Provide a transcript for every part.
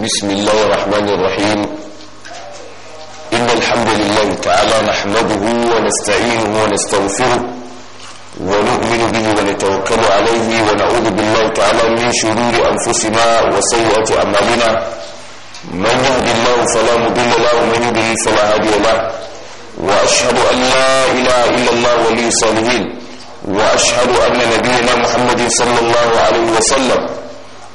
بسم الله الرحمن الرحيم إن الحمد لله تعالى نحمده ونستعينه ونستغفره ونؤمن به ونتوكل عليه ونعوذ بالله تعالى من شرور أنفسنا وسيئة أعمالنا من يهد الله فلا مضل له ومن يضلل فلا هادي له وأشهد أن لا إله إلا الله ولي الصالحين وأشهد أن نبينا محمد صلى الله عليه وسلم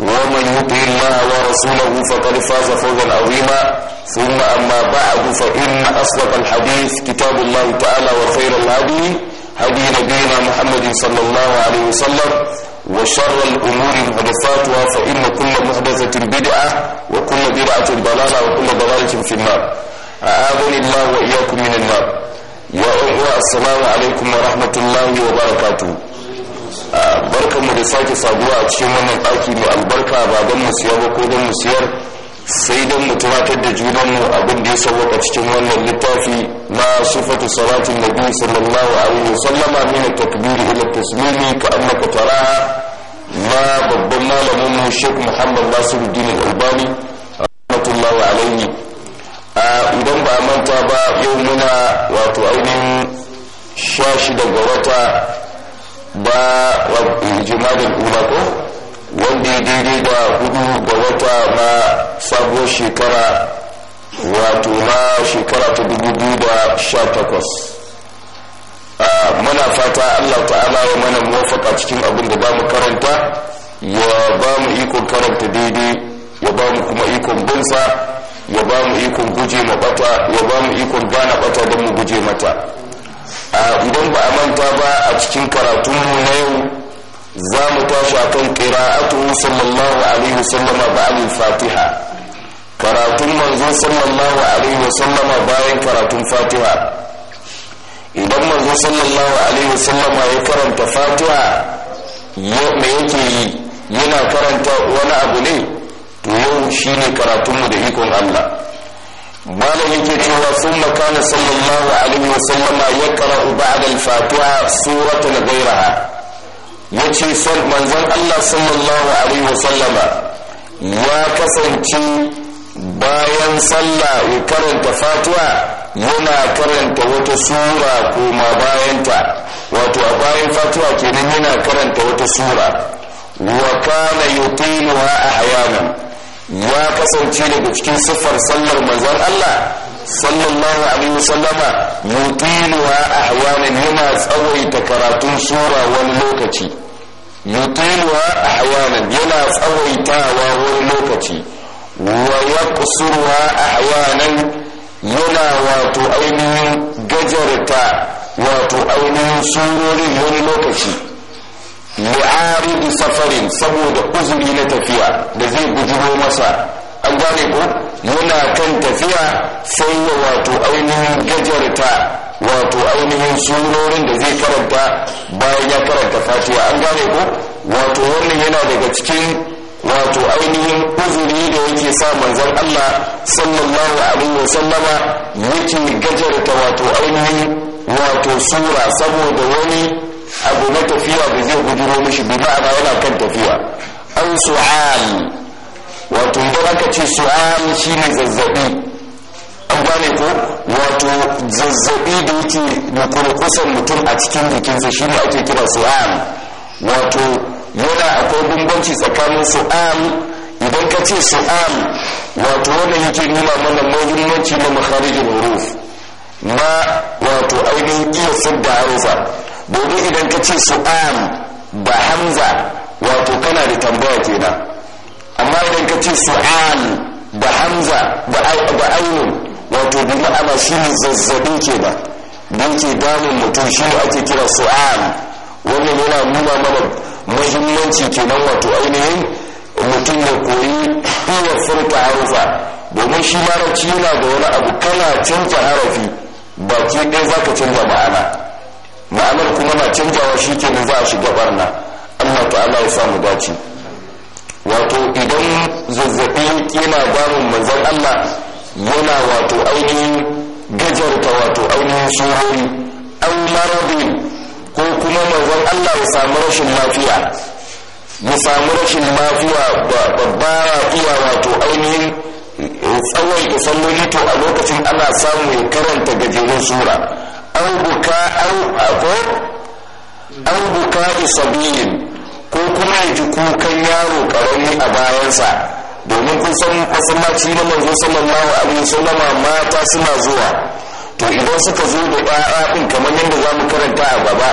ومن يطع الله ورسوله فقد فاز فوزا عظيما ثم أما بعد فإن أصدق الحديث كتاب الله تعالى وخير الهدي هدي نبينا محمد صلى الله عليه وسلم وشر الأمور محدثاتها فإن كل محدثة بدعة وكل بدعة ضلالة وكل ضلالة في النار أعاذني الله وإياكم من النار يا أخوة السلام عليكم ورحمة الله وبركاته mu da sake sabuwa a cikin wannan ɗaki mai albarka ba don mu siyar ba ko don mu siyar sai don mu tunatar da junanmu abin da ya sauwaka cikin wannan littafi na sifatu salatin nabi sallallahu alaihi wasallama min takbiri ila tasmini ka annaka taraha na babban malamin mu Sheikh Muhammad Nasiruddin Al-Albani rahmatullahi alaihi idan ba manta ba yau muna wato ainihin shida ga wata da jimadin ula ko wanda ya daidai da hudu ga wata na sabuwar shekara wato na shekara ta dubu biyu da sha takwas muna fata allah ta'ala wa mana mafaka cikin abin da ba mu karanta ya ba mu ikon karanta daidai ya ba mu kuma ikon bansa ya ba mu ikon guje ma bata ya ba mu ikon gana bata don mu guje mata idan ba a manta ba a cikin karatunmu na yau za mu tashi akan qira'atu sallallahu alaihi wasallam ba'al fatiha karatun manzo sallallahu alaihi wasallam bayan karatun fatiha idan manzo sallallahu alaihi wasallam ya karanta fatiha me yake yi yana karanta wani abu ne to yau shine karatunmu da ikon Allah malam yake cewa sun makana sallallahu alaihi sallam ya kara'u ba'da al-fatiha suratan ghayraha yace san manzon Allah sallallahu alaihi sallama ya kasance bayan sallah ya karanta fatiha yana karanta wata sura ko ma bayanta wato a bayan fatiha kenan yana karanta wata sura wa kana yutiluha ahyanan ya kasance daga cikin siffar sallar manzon Allah sallallahu alaihi wasallama yutiluha ahwanan yana tsawaita karatun sura wani lokaci yutiluha ahwanan yana tsawaitawa wani lokaci wa yaqsuruha ahwanan yana wato ainihin gajarta wato ainihin surorin wani lokaci bi safarin saboda uzuri na tafiya da zai bujiro masa an gane ko yana kan tafiya sai ya wato ainihin gajarta wato ainihin surorin da zai karanta bayan ya karanta fatiha an gane ko wato wannan yana daga cikin wato ainihin uzuri da yake sa manzon Allah sallallahu alaihi wasallama yake gajarta wato ainihin wato sura saboda wani abu na tafiya ba zai guduro mishi bi ma'ana yana kan tafiya an su'al wato idan aka ce su'al ne zazzabi an gane ko wato zazzabi da yake na kurkusan mutum a cikin jikinsa ne ake kira su'al wato yana akwai bambanci tsakanin su'al idan ka ce su'al wato wannan yake nuna mana mahimmanci na makharijin huruf na wato ainihin iya fidda harufa gobe idan ka ce su'al da hamza wato kana da tambaya kenan amma idan ka ce su'al da hamza da ainihin wato bi ma'ana shi ne zazzabi ke ba don ke damun mutum shi ne ake kira su'an wannan yana nuna mana muhimmanci kenan wato ainihin mutum ya koyi iya furta harufa domin shi mara yana da wani abu kana canza harafi ke ɗaya za ka canza ma'ana ma'anar kuma na canjawa shi ke za a shiga barna allah ta'ala ya samu dace wato idan zazzabi yana damun manzan allah yana wato ainihin gajarta wato ainihin surori an marabi ko kuma manzan allah ya samu rashin lafiya ya samu rashin lafiya babba rafiya wato ainihin eh, tsawon isan to a lokacin ana samun karanta gajerun sura aw buka aw ko aw ko kuma ya ji kukan yaro karami a bayansa domin kun san masallaci na manzo sallallahu alaihi wasallam mata suna zuwa to idan suka zo da ɗaya ɗin kamar yadda za mu karanta a gaba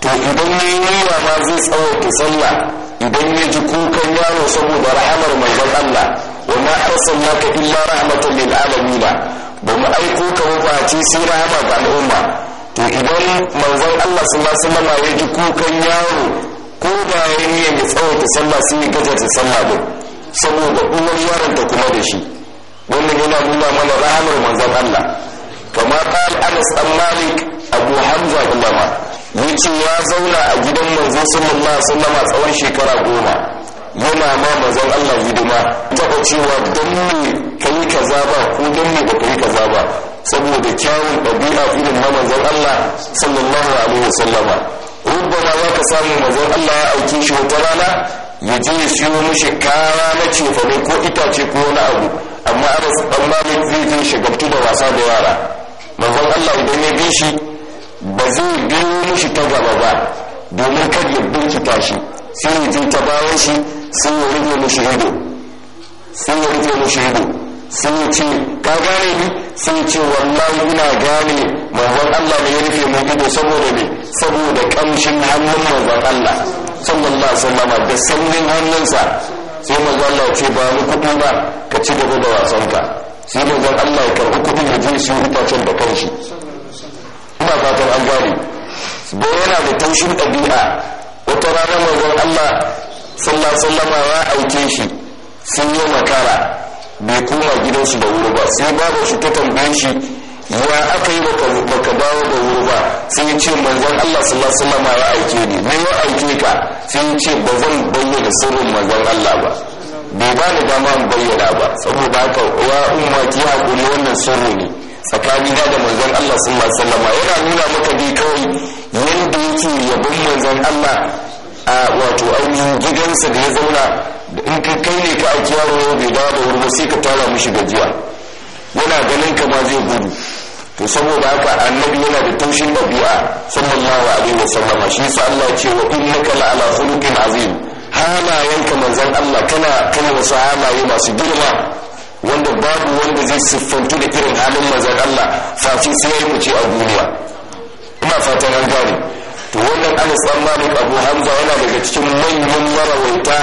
to idan ya yi niyya ma zai tsawaita sallah idan ya ji kukan yaro saboda rahamar manzon Allah wa ma arsalnaka illa rahmatan lil alamin ba mu aiko ka ba face sai rahama ga al'umma to idan manzon Allah sallallahu alaihi wasallam ya ji kukan yaro ko da ya yi mai tsawaita sallah sai ya ta sallah din saboda uwar yaron ta kuma da shi wannan yana nuna mana rahamar manzon Allah kama qal Anas dan Malik Abu Hamza bin Lama yace ya zauna a gidan manzon sallallahu alaihi wasallam tsawon shekara goma yana ma mazan Allah hidima taɓa cewa don me ka yi kaza ba ko don me ba ka yi kaza ba saboda kyawun ɗabi'a irin na mazan Allah sallallahu alaihi wasallama rubbama za ka samu mazan Allah ya auki shi wata rana ya je ya siyo mishi kara na cefane ko itace ko wani abu amma anas dan malik zai je shigabtu da wasa da yara manzon Allah idan ya bi shi ba zai biyo mishi ta gaba ba domin kar ya bincika shi sai ya je ta bayan shi sai ya rufe mishi ido sai ya rufe mishi ido sai ya ce ka gane ni sai ya ce wallahi ina gane manzon Allah ne ya rufe mu ido saboda me saboda kamshin hannun manzon Allah sallallahu alaihi wasallam da sannin hannunsa sai manzon Allah ce ba ni kuɗi ba ka ci gaba da wasanka sai manzon Allah ya karɓi kuɗin ya je su itacen da kanshi ina fatan an gane da yana da taushin ɗabi'a wata rana manzon Allah sallallahu sallama ya aike shi sun yi makara bai koma gidansu da wuri ba sai babu shi ta tambaye shi ya aka yi baka dawo da wuri ba sai ya ce manzon Allah sallallahu wasallam ya aike ni na ya aike ka sai ya ce ba zan bayyana sirrin manzon Allah ba bai ba ni dama in bayyana ba saboda haka wa umma ki hakuri wannan sirri ne tsakani da da manzon Allah sallallahu alaihi wasallam yana nuna maka dai kawai yanda yake yabon manzon Allah a wato ainihin gidansa da ya zauna da in ka kai ne ka aiki yaro ya bai dawo da wuri ba sai ka tara mishi gajiya yana ganin ka ma zai gudu to saboda haka annabi yana da taushin ɗabi'a sallallahu alaihi wa sallam shi yasa Allah ya ce wa innaka la'ala khuluqin azim halayenka manzon Allah kana kana wasu halaye masu girma wanda babu wanda zai siffantu da irin halin manzon Allah fa sai ya ce a duniya ina fatan an gane wannan anas dan malik abu hamza yana daga cikin manyan marawaita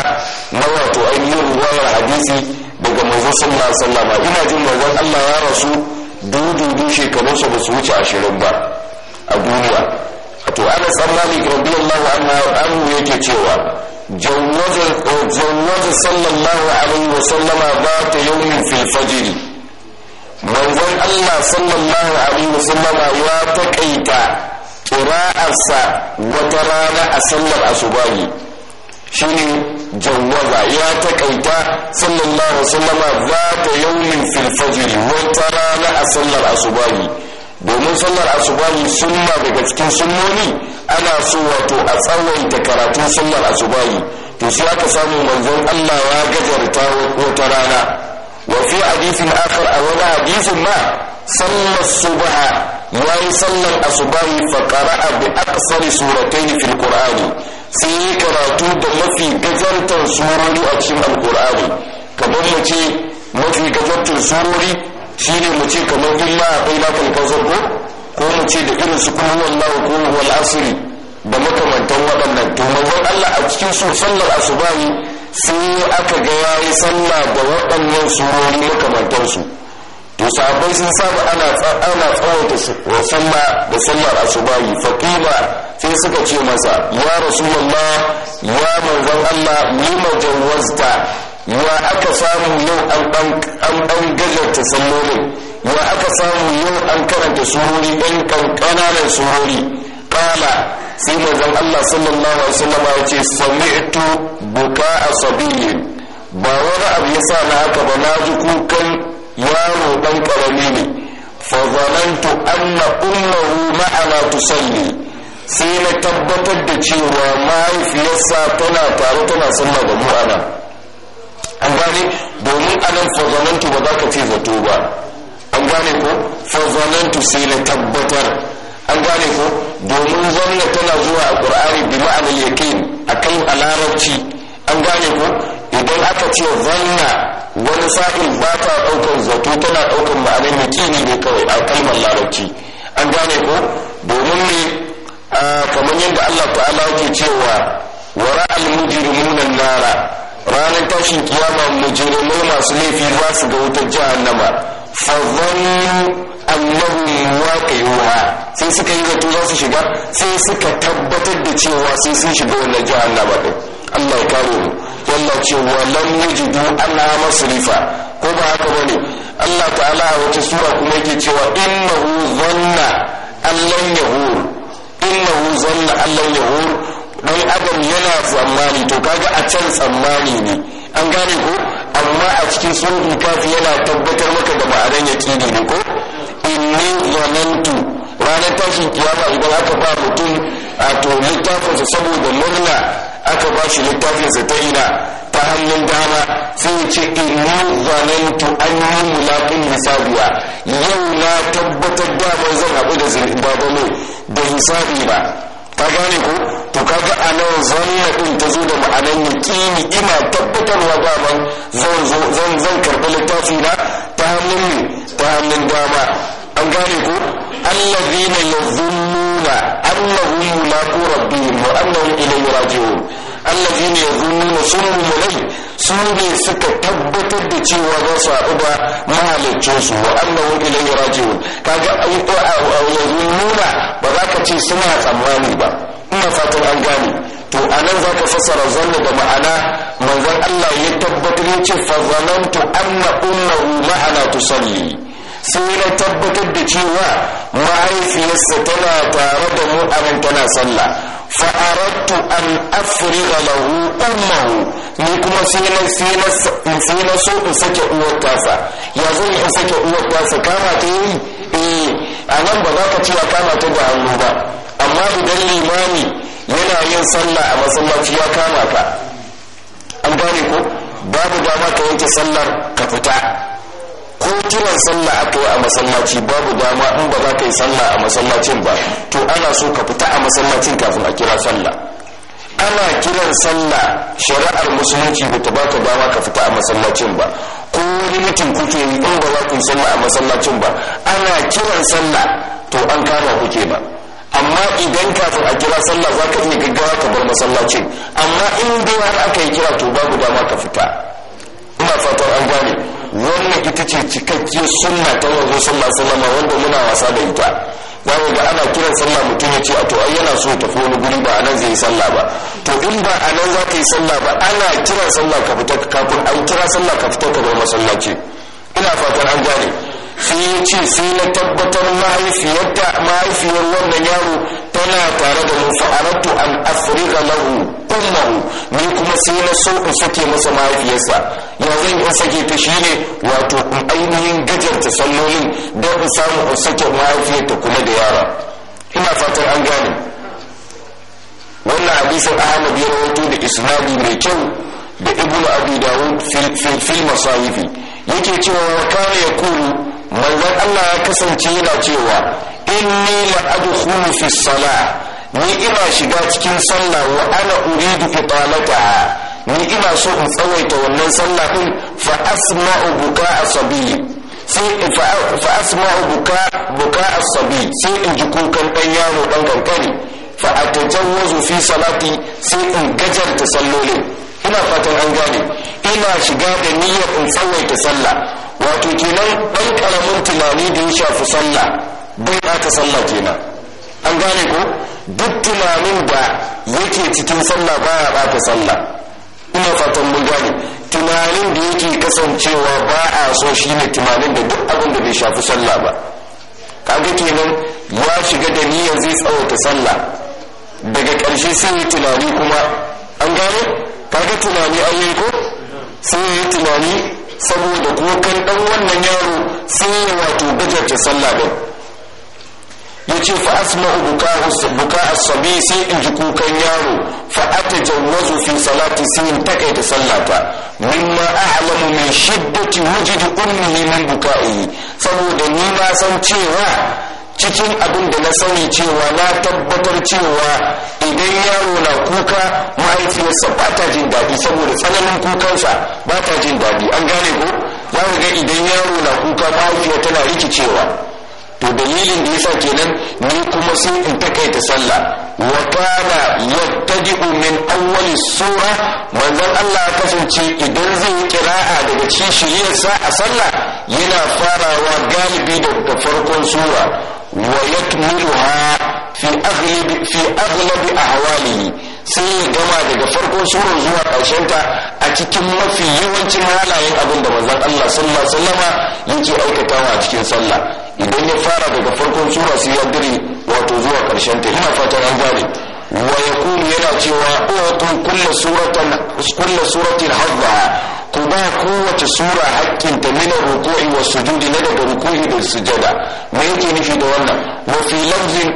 na wato ainihin ruwayar hadisi daga manzo sallallahu alaihi wasallam ina jin manzon Allah ya rasu dudu du shekaru su su wuce ashirin ba a duniya to anas dan malik radiyallahu anhu an yake cewa jawwaza jawwaza sallallahu alaihi sallama ba ta yawmin fil fajri manzon Allah sallallahu alaihi sallama ya takaita ƙira'arsa wata rana a sallar asubahi shine jawaza ya taƙaita sallallahu alaihi wasallama za ta yaumin fil wata rana a sallar asubahi domin sallar asubahi sunna daga cikin sunnoni ana so wato a tsawaita karatun sallar asubahi to sai aka samu manzon Allah ya gajarta wata rana wa fi hadisin akhar a wani hadisin ma sallar subha yayi sallar asubahi fa qara'a bi aqsari suratayn fil qur'ani sai yi karatu da mafi gajartar surori a cikin alqur'an kamar mu mafi gajartar surori shine mu kamar illa akwai na kalkasar ko ko mu ce da irin su kullu wallahu ko wal asr da makamantan waɗannan to manzon Allah a cikin su sallar asubahi sai aka ga yayi sallah da waɗannan surori makamantansu musabai sun saba ana su wa sallah da sallar asubahi faqila sai suka ce masa ya rasulullah ya manzon Allah nima jawazta ya aka samu yau an an gajarta sallolin ya aka samu yau an karanta sururi ɗan ƙananan sururi ƙala sai manzon Allah sallallahu alaihi wasallam ya ce sami'tu buka asabiyin ba wani abu ya sa na haka ba na ji kukan yaro dan karami ne fa zalantu anna ummuhu ma'ana tusalli sai na tabbatar da cewa mahaifiyarsa tana tare tana sallah da mu'ana an gane domin anan fa zalantu ba za ka ce zato ba an gane ko fa zalantu sai na tabbatar an gane ko domin zanna tana zuwa a qur'ani bi ma'anar yakin akan a larabci an gane ko idan aka ce zanna wani sa'in ba ta ɗaukar zato tana ɗaukar ma'anar yakini ne kawai a kalmar larabci an gane ko domin ne kamar yadda Allah ta'ala ke cewa wara al-mujrimuna nara ranar tashin kiyama mujrimu masu laifi ba su ga wutar jahannama fa dhannu annahu waqi'uha sai suka yi zato za su shiga sai suka tabbatar da cewa sai sun shiga wannan jahannama din Allah ya kare mu Allah ce wa lam yajidu anna masrifa ko ba haka bane Allah ta'ala a wata sura kuma yake cewa innahu zanna allan yahur innahu zanna allan yahur dan adam yana tsammani to kaga a can tsammani ne an gane ko amma a cikin sunan kafi yana tabbatar maka da ma'anar yaqini ne ko inni zanantu ranar tashin kiyama idan aka ba mutum a to littafinsa saboda murna aka ba shi littafinsa ta ina ta hannun dama sai ya ce ina zanantu an yi mulaƙin hisabiya yau na tabbatar dama zan haɗu da zimbabwe da hisabi ba ka gane ko to kaga a nan zanna din ta zo da ma'anar yaqini ina tabbatarwa daman zan zan zan karɓi littafi na ta hannun ta hannun dama an gane ko allazina yadhunnu يظنون أنهم ملاقو ربهم وأنهم إليه راجعون الذين يظنون صم إليه sune suka tabbatar da cewa za su haɗu da mahalicin su wa annahu ilayhi raji'un kaga ayyuka a yayin nuna ba za ka ce suna tsammani ba ina fatan an gane to anan za ka fassara zanna da ma'ana manzon Allah ya tabbatar ya ce fa zanantu anna ummahu ma'ana tusalli sai na tabbatar da cewa mahaifiyarsa tana tare da mu nan tana sallah fa'arattu an afriga lahu ummahu ni kuma sai na so in sake uwar tasa ya zan in sake uwar tasa kama ta yi eh a nan ba za ka ce ya kama ta da hannu ba amma idan limami yana yin sallah a masallaci ya kama ka an gane ko babu dama ka yanke sallar ka fita ko kiran sallah a kai a masallaci babu dama in ba za ka yi sallah a masallacin ba to ana so ka fita a masallacin kafin a kira sallah ana kiran sallah shari'ar musulunci ba ta baka dama ka fita a masallacin ba ko wani mutum kuke yi in ba za ku yi sallah a masallacin ba ana kiran sallah to an kama kuke ba amma idan kafin a kira sallah za ka iya gaggawa ka bar masallacin amma in dai har aka yi kira to babu dama ka fita ina fatan an gane wannan ita ce cikakkiyar sunna ta manzo sallallahu alaihi wanda muna wasa da ita za mu ga ana kiran sallah mutum ya ce a to ai yana so tafi wani guri ba anan zai yi sallah ba to in ba anan za ka yi sallah ba ana kiran sallah ka fita kafin an kira sallah ka fita ka bar masallaci ina fatan an gane sai ya ce sai na tabbatar mahaifiyarta mahaifiyar wannan yaro tana tare da mu ratu an afriga lahu ummahu ni kuma sai na so in sake masa mahaifiyarsa ya zan in sake ta shine wato in ainihin gajarta sallolin don in samu in sake mahaifiyarta kuma da yara ina fatan an gane wannan hadisin ahmad ya rawaito da isnadi mai kyau da ibnu abi dawud fil masahifi yake cewa wa ya yaqulu manzon Allah ya kasance yana cewa inni la adkhulu fi salah ni ina shiga cikin sallah wa ana uridu italataha ni ina so in tsawaita wannan sallah din fa asma'u buka'a sabi sai fa asma'u buka buka asabi sai in ji kukan dan yaro dan kankani fa atajawwazu fi salati sai in gajarta sallolin ina fatan an gane ina shiga da niyyar in tsawaita sallah wato kenan ɗan ƙaramin tunani da ya shafi sallah bai ɓata sallah kenan an gane ko duk tunanin da yake cikin sallah baya ɓata sallah ina fatan mun gane tunanin da yake kasancewa ba a so shi ne tunanin da duk abin da bai shafi sallah ba kaga kenan ya shiga da niyyar zai tsawata sallah daga ƙarshe sai yi tunani kuma an gane kaga tunani an yi ko sai yi tunani saboda kukan ɗan wannan yaro sai ya wato gajarta sallah din ya ce fa asma'u buka asabi sai in ji kukan yaro fa atajawwazu fi salati sai in takaita sallata mimma a'lamu min shiddati wujudi ummi min buka'i saboda ni ma san cewa cikin abin da na sani cewa na tabbatar cewa idan yaro na kuka mahaifiyarsa ba ta jin daɗi saboda tsananin kukansa ba ta jin daɗi an gane ko za ga idan yaro na kuka mahaifiyar tana rikicewa to dalilin da yasa kenan ni kuma sai in takaita sallah wa kana yattaji'u min awwali sura manzon Allah ya kasance idan zai yi kira'a daga cikin sa a sallah yana farawa galibi da farkon sura ويكملها في أغلب في أغلب أحواله sai gama daga farkon surar zuwa ƙarshenta a cikin mafi yawancin halayen abin da manzon Allah sallallahu alaihi wasallama yake aikatawa a cikin sallah idan ya fara daga farkon sura sai ya dire wato zuwa ta ina fatan an gane wa yakunu yana cewa utu kullu suratan kullu suratin hadda ku ba kowace sura hakkinta min ruku'i wa sujudi na daga ruku'i da sujada me yake nufi da wannan wa fi lafzin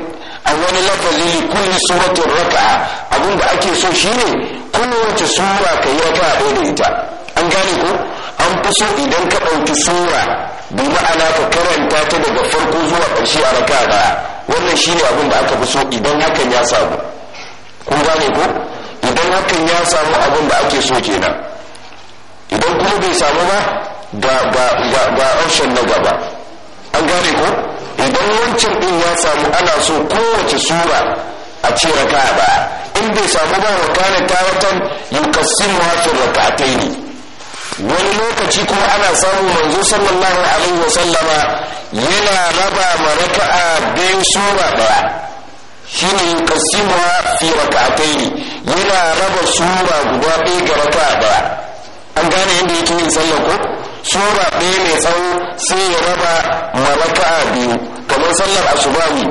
a wani lafazi li kulli suratin raka'a abinda ake so shine kowace sura ka yi raka'a ɗaya da ita an gane ko an fi so idan ka ɗauki sura bi ma'ana ka karanta ta daga farko zuwa ƙarshe a raka'a ɗaya wannan shine abin da aka fi so idan hakan ya samu kun gane ko idan hakan ya samu abin da ake so kenan idan kuma bai samu ba ga option na gaba an gane ko idan wancan din ya samu ana so kowace sura a ce raka ba in bai samu ba wakana ta watan yukassimu hafi rakatai ne wani lokaci kuma ana samu manzo sallallahu alaihi wa sallama yana raba ma raka'a bayan sura daya shine yukassimu fi ne yana raba sura guda ɗaya ga raka'a daya an gane yadda yake yin sallah ko sura ɗaya mai tsawo sai ya raba malaka'a biyu kamar sallar asubahi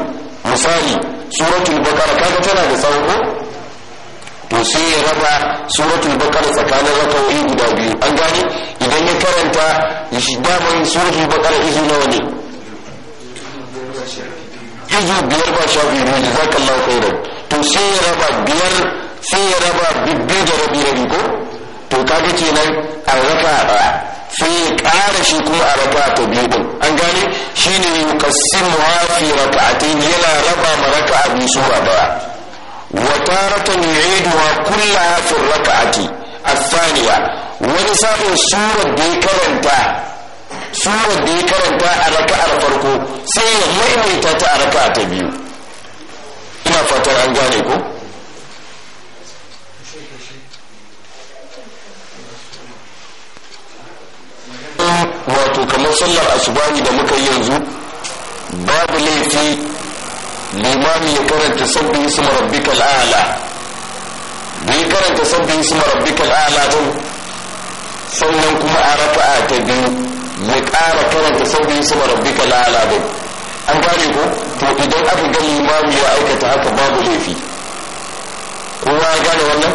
misali suratul bakara kaga tana da tsawo ko to sai ya raba suratul bakara tsakanin raka'o'i guda biyu an gane idan ya karanta ya daman suratul bakara izu nawa ne izu biyar ba sha biyu jazakallahu khairan to sai ya raba biyar sai ya raba biyu da rabi rabi ko to kaga kenan a raka daya sai ya ƙara shi kuma a raka ta biyu din an gane raka a ta yi yana raba ma raka a biyu zuwa daya wa taratan yu'iduha kullaha fi raka'ati الثانية ونساب سورة a farko sai ya كرنتا ta a raka a ta biyu ina fatan an gane ko matsayin wato kamar sallar asubahi da muka yanzu babu laifi limami ya karanta sabbin isma rabbikal a'la da ya karanta sabbin isma rabbikal a'la din sannan kuma a rafa'a ta biyu ya ƙara karanta sabbin isma rabbikal a'la din an gane ko to idan aka ga limami ya aikata haka babu laifi kowa ya gane wannan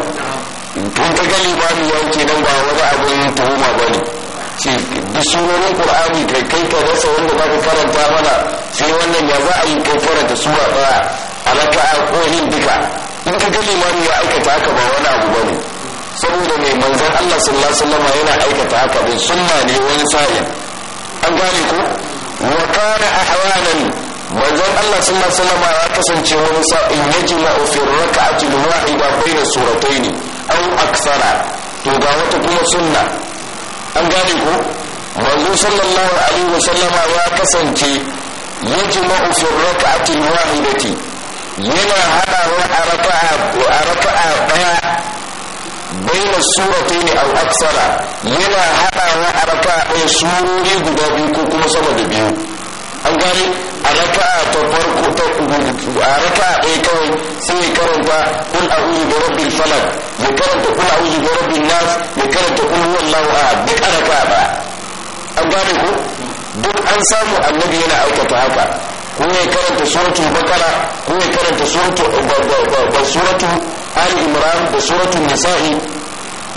tun ka ga limami ya wuce nan ba wani abin tuhuma ba ne ce duk sunonin qur'ani kai kai ka rasa wanda ka karanta mana sai wannan ya za a yi kai karanta sura daya alaka a kohin duka in ka ga limami ya aikata haka ba wani abu ba ne saboda mai manzon Allah sallallahu alaihi wasallam yana aikata haka bai sunna ne wani sa'in an gane ko wa kana ahwanan manzon Allah sallallahu alaihi wasallam ya kasance wani sa'in yajma'u fi rak'ati al-wahida bayna suratayn aw aksara to ga wata kuma sunna an gane ku manzo sallallahu alaihi wasallama ya kasance yajma'u fi rak'atin wahidati yana hadawa a raka'a a na daya baina yi aw aksara yana hadawa a raka'a ɗaya surori guda biyu ko kuma sama da biyu an gane a a ta ko ta a a ɗaya kawai sai ya karanta a a'udhu da rabin falaq ya karanta kul a'udhu da rabin nas ya karanta kul huwallahu a duk a a ɗaya an gane ko duk an samu annabi yana aikata haka ko ya karanta suratul bakara ko ya karanta suratul da ali imran da suratul nisa'i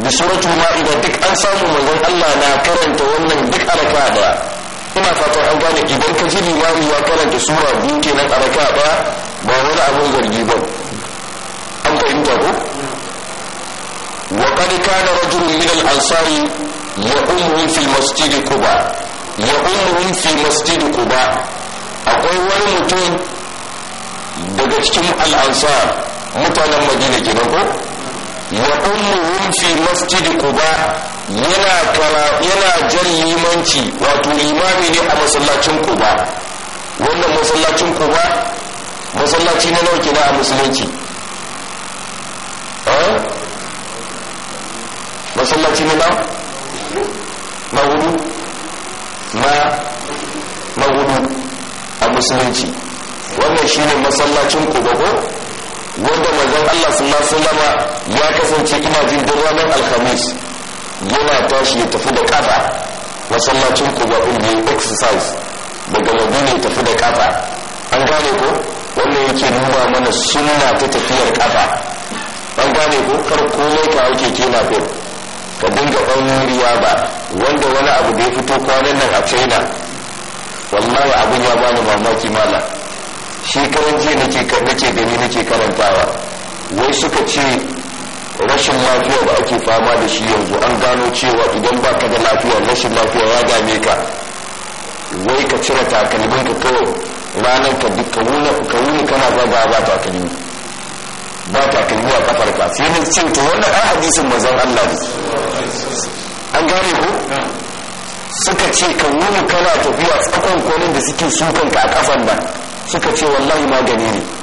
da suratul ma'ida duk an samu manzon Allah na karanta wannan duk a a ɗaya ina fatan an gane idan ka ji limami ya karanta sura biyu kenan a raka daya ba wani abin zargi ba an fahimta ko wa qad kana rajul min al-ansari ya'umuhum fi masjid quba ya'umuhum fi masjid quba akwai wani mutum daga cikin al-ansar mutanen madina kenan ko ya'umuhum fi masjid quba yana fara yana jan limanci wato limami ne a masallacin kuba wannan masallacin kuba masallaci na nauki na a musulunci eh? masallaci na na hudu na na hudu a musulunci wannan shine masallacin kuba ko wanda manzon Allah sallallahu alaihi wasallama ya kasance ina jin duk ranar alhamis yana tashi ya tafi da kafa masallacin kuba inda ya exercise daga madina ya tafi da kafa an gane ko wannan yake nuna mana sunna ta tafiyar kafa an gane ko kar komai ka hauke kina na ka dinga ɗaunin ba wanda wani abu da ya fito kwanan nan a china wallahi abin ya bani mamaki mala shi karanci nake nake gani nake karantawa wai suka ce rashin lafiya da ake fama da shi yanzu an gano cewa idan ba ka da lafiya rashin lafiya ya game ka wai ka cire takalmin ka kawai ranar ka duk ka wuni kana zaga ba takalmi ba takalmi a kafar ka sai na cin to wannan a hadisin mazan Allah ne an gane ko suka ce ka wuni kana tafiya tsakon kwanin da suke sukan ka a kafan nan suka ce wallahi magani ne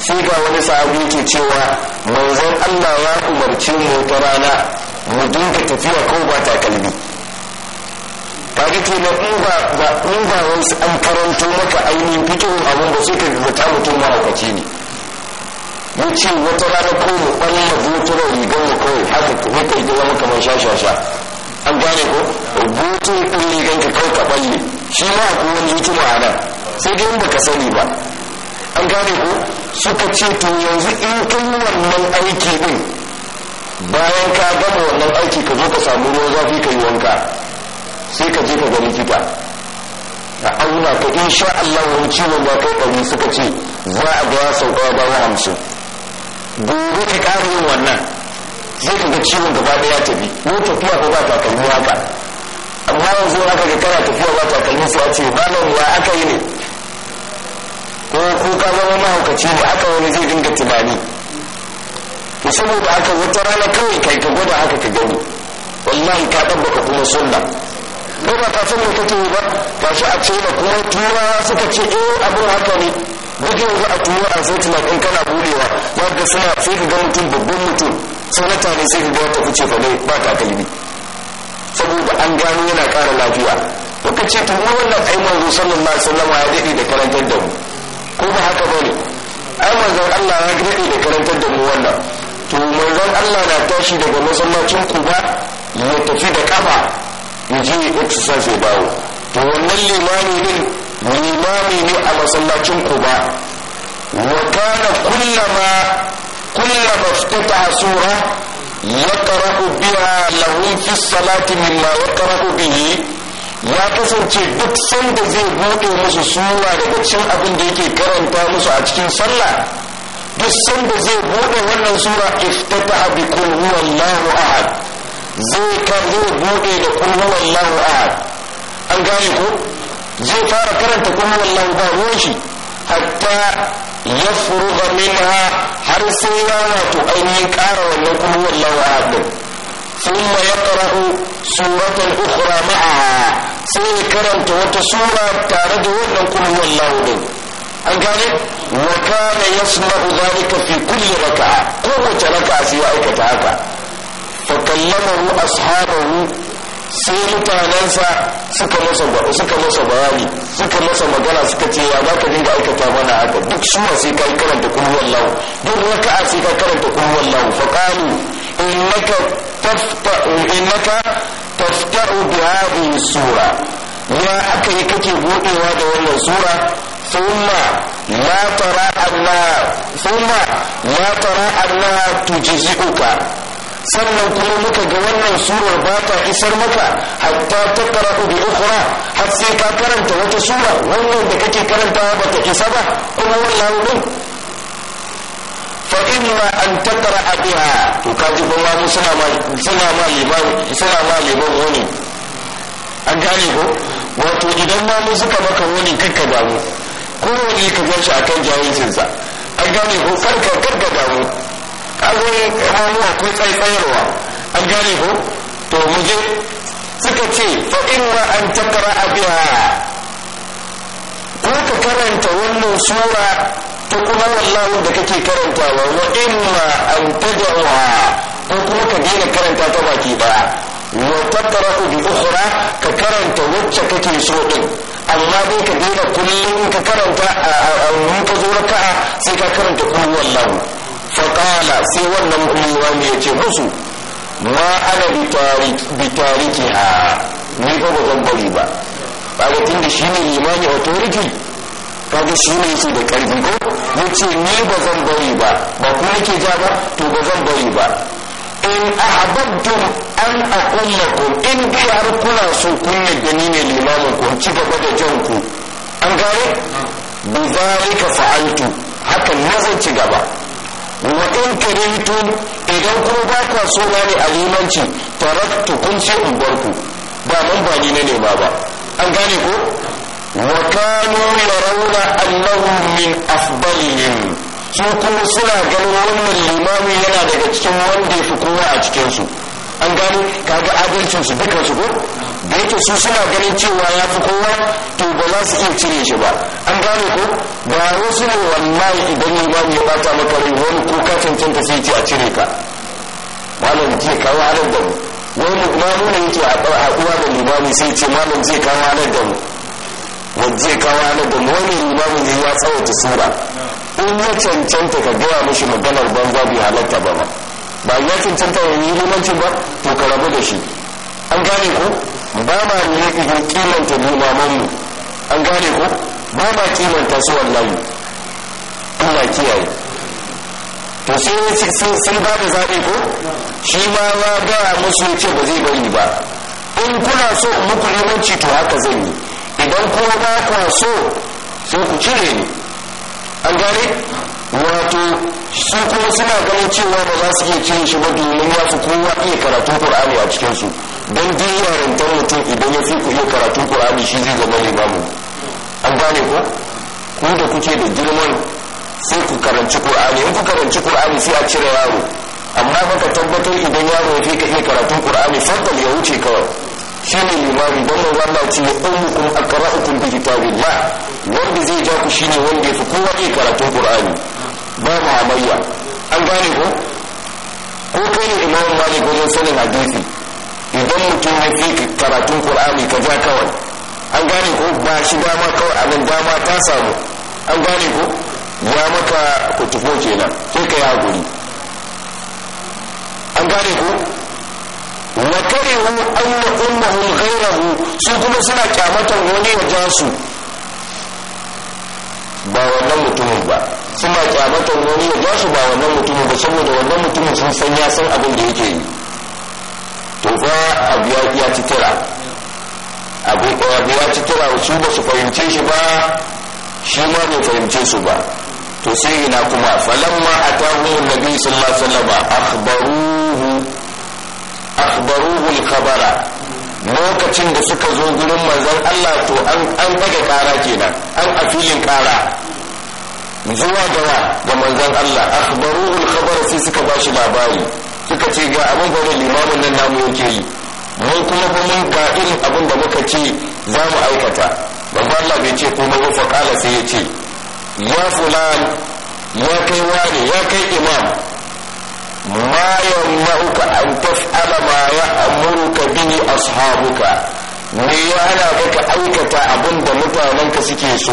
sai ga wani sahabi yake cewa manzon Allah ya umarci mu ta rana mu dinga tafiya ko ba takalmi kaga kenan in ba ba in ba wasu an karanto maka ainihin fitowar abin ba sai ka rubuta mutum mahaukaci ne ya ce wata rana ko mu ɓalla buturar rigar mu kawai haka kuma kai ga wani kamar shashasha an gane ko rubutun ɗin rigar ka kawai ka ɓalle shi ma a kowane hitima a nan sai dai in ba ka sani ba an gane ko suka ce to yanzu in kai wannan aiki din bayan ka gama wannan aiki ka zo ka samu ruwan zafi ka yi wanka sai ka je ka ga likita a auna ka sha Allah wani ciwon ba kai ɗari suka ce za a ga sauƙawa bayan hamsin gobe ka ƙara yin wannan sai ka ga ciwon gaba ɗaya tafi ko tafiya ko ba takalmi haka amma yanzu haka ga kana tafiya ba takalmi sai a ce malam ya aka yi ne ko ko ka zama mahaukaci ne aka wani zai dinga tunani to saboda haka wata rana kawai kai ka gwada haka ka gani wallahi ka tabbata kuma sunna ko ba ka san me kake yi ba ba shi a ce kuma tura suka ce eh abin haka ne duk yanzu a tuwo a zai tuna in kana budewa ba ga suna sai ka ga mutum babban mutum sanata ne sai ka ga wata fice fa dai ba ta kalbi saboda an gano yana kara lafiya ka ce to wannan ai manzo sallallahu alaihi wasallam ya dade da karantar da mu ko ba haka bane ai manzon Allah ya gade da karantar da mu wannan to manzon Allah na tashi daga masallacin ba ya tafi da kafa ya je exercise ya dawo to wannan limami din limami ne a masallacin ba wa kana kullama kullama iftataha sura يقرأ بها لهم في الصلاة مما يقرأ به ya kasance duk sanda zai buɗe musu suna daga cin abin da yake karanta musu a cikin sallah duk sanda zai buɗe wannan sura iftataha bi qul huwallahu ahad zai ka zai buɗe da qul huwallahu ahad an gane ko zai fara karanta qul huwallahu ba ruwan shi hatta yafruga minha har sai ya wato ainihin ƙara wannan qul huwallahu ahad din ثم يقرأ سورة أخرى معها sai karanta wata sura tare da wannan kuma wallahu din an gane wa kana yasma'u dhalika fi kulli raka'a kowace raka'a sai ya aikata haka fa kallamahu ashabahu sai mutanensa suka masa suka masa bayani suka masa magana suka ce ya baka dinga aikata mana haka duk sura sai ka karanta kul wallahu duk raka'a sai ka karanta kul wallahu fa qalu innaka tafta innaka tafta'u bi hadhihi sura ya aka yi kake budewa da wannan sura foma la tara Allah thumma la sannan kuma muka ga wannan surar ba ta isar maka hatta taqra'u bi ukhra har sai ka karanta wata sura wannan da kake karantawa ba ta isa ba kuma wallahu fa imma an taqra biha to kaji kuma suna ma liman wani an gane ko wato idan ma suka maka wani kakka damu ko wani ka gan shi akan jahilcin sa an gane ko karka karka damu kago ramu akwai tsaitsayarwa an gane ko to mu suka ce fa imma an taqra biha ko ka karanta wannan sura ita kuma wallahu da kake karantawa wa imma an tad'uha ko kuma ka daina karanta ta baki daya wa taqra'u bi ukhra ka karanta wacce kake so din amma dai ka daina kullum ka karanta a mun ka zo raka'a sai ka karanta qul wallahu fa qala sai wannan imami ce musu ma ana bi tarikiha ni ko ba zan bari ba ba ga tunda shine limami authority kaga shi ne yake da karfi ko yace ne ba zan bari ba ba kuma yake ja ba to ba zan bari ba in ahabbtum an aqul lakum in har kuna so kunna gani ne limamin ku ci gaba da jan ku an gare bi zalika fa'altu hakan na zan ci gaba wa in idan kuma ba ka so ba ne a limanci kun ce in ku ba mun ba ni na nema ba an gane ko وكانوا يرون أنهم من أفضلهم su kuma suna ganin wannan limami yana daga cikin wanda ya fi kowa a cikinsu an gano kaga su duka su ko da yake su suna ganin cewa ya fi kowa to ba za su iya cire shi ba an gane ko da ba wasu ne wallahi idan limami ya bata maka rai wani ko ka cancanta sai ce a cire ka malam ji kawo halar da mu wani mamu nuna yake a haɗuwa da limami sai ce malam zai kawo halar da mu wajen kawo ranar da wani limamin ya ya tsawaita sura in ya cancanta ka gaya mashi maganar banza bai halatta ba ba ba ya cancanta ya yi limanci ba to ka rabu da shi an gane ku. ba ma ne kimanta limamanmu an gane ku. ba ma kimanta su wallahi ina kiyaye to sai sun ba da zaɓe ko shi ma ya gaya musu ce ba zai bari ba in kuna so muku limanci to haka zan yi idan kuma ba ku so sai ku cire ni an gane wato su kuma suna ganin cewa ba za su iya cire shi ba domin ya fi kowa iya karatu qur'ani a cikin su dan duk da mutum idan ya fi ku iya karatu qur'ani shi zai zama limamu an gane ko ku da kuke da girman sai ku karanci qur'ani in ku karanci qur'ani sai a cire yaro amma baka tabbatar idan yaro ya fi ka iya karatu qur'ani fadal ya wuce kawai shi ne limami don manzo Allah ce ummukum aqra'ukum bi kitabillah wanda zai ja ku shine wanda ya fi kowa ke karatun qur'ani ba mu hamayya an gane ko ko kai ne imamu ko wajen sanin hadisi idan mutum ya fi karatun qur'ani ka ja kawai an gane ko ba shi dama kawai abin dama ta samu an gane ko ya maka kutufo kenan sai ka yi hakuri an gane ko wa karihu an ya'ummahum ghayrahu su kuma suna kyamatan wani ya ja su ba wannan mutumin ba suna kyamatan wani ya ja su ba wannan mutumin ba saboda wannan mutumin sun san ya san abin da yake yi to fa abu ya ci tira abu ya ci tira su ba su fahimce shi ba shi ma bai fahimce su ba to sai ina kuma falamma atahu annabi sallallahu alaihi wasallam akhbaruhu akhbaruhu al-khabara lokacin da suka zo gurin manzon Allah to an an daga kara kenan an a filin kara zuwa wa ga manzon Allah akhbaruhu al-khabara sai suka ba shi labari suka ce ga abin da limamin nan namu yake yi mun kuma ba mun ga irin abin da muka ce za mu aikata babban Allah bai ce kuma ba faqala sai ya ce ya fulan ya kai ware ya kai imam ما يمنعك أن تفعل ما يأمرك به أصحابك me ya hana ka ka aikata abin da mutanenka suke so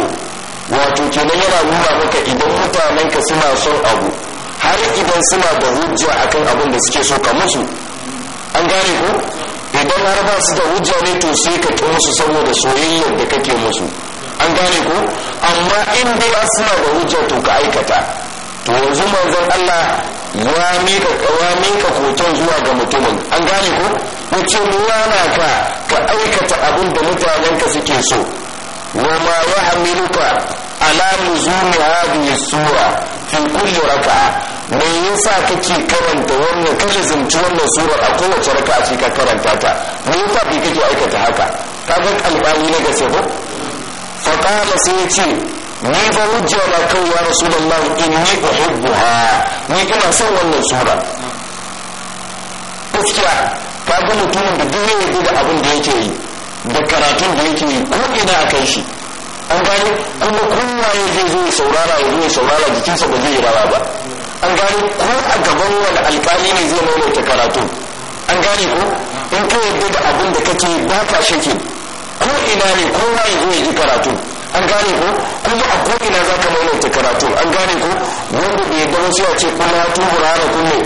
wato kenan yana nuna maka idan mutananka suna son abu har idan suna da hujja akan abin da suke so ka musu an gane ku idan har ba su da hujja ne to sai ka ki musu saboda soyayyar da kake musu an gane ku amma in dai suna da hujja to ka aikata to yanzu manzon Allah ya mika hoton zuwa ga mutumin an gane ko mutum ruwana ka ka aikata abin da mutanen suke so wa ma hamiluka ala muzumi hadhihi sura fi kulli raka'a me yasa kake karanta wannan kashe wannan surar a kowace raka ce ka karanta ta me yasa kake aikata haka kaga alƙali na gaske ko fa qala sai ni fa hujja na kai ya rasulullahi inni uhibbuha ni ina son wannan sura gaskiya ka ga mutumin da duk yayi da abin da yake yi da karatun da yake yi ko ina a kai shi an gani kuma kunwaye zai zo saurara ya zo ya saurara jikinsa ba zai rawa ba an gani ko a gaban wani alƙali ne zai maimaita karatu an gani ko in ka yarda da abin da kake ba ka shakin ko ina ne kowa ya zo ya ji karatu an gane ko kuma a ko'ina za ka maimaita karatu an gane ko wanda bai yadda wasu ya ce kuma ya tuhu rana kunne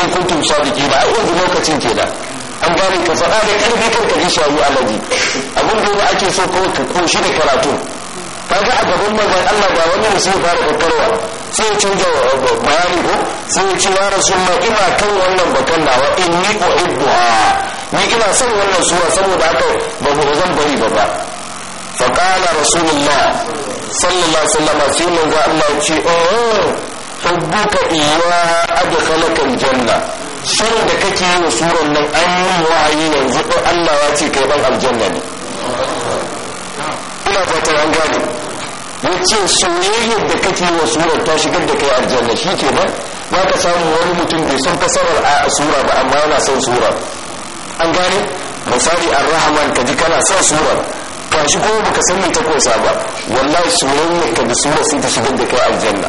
in kuntum sadiki ba a yanzu lokacin ke da an gane ka faɗa da ƙarfi kan ka isha a alaji abin da ake so kawai ka koshi da karatu kaga a gaban manzon Allah ba wani ne sai fara kokarwa sai canja bayani ko sai ce ya rasulma ina kan wannan bakan nawa inni uhibbuha ni ina son wannan suwa saboda haka ba zan bari ba ba faƙala rasulullah sallallahu alaihi wasallam sai manzo Allah ya ce oh hubbuka iya adkhalaka aljanna shan da kake yi wa suran nan an yi wahayi yanzu ko Allah ya kai ban aljanna ne ina fatan an gane yace soyayyar da kake yi wa suran ta shigar da kai aljanna shi ke ba ka samu wani mutum bai san fasarar sura ba amma yana son an gane ar-rahman kaji kana son sura ba shi kuma baka san ta kosa ba wallahi soyayya ka da sai ta shigar da kai aljanna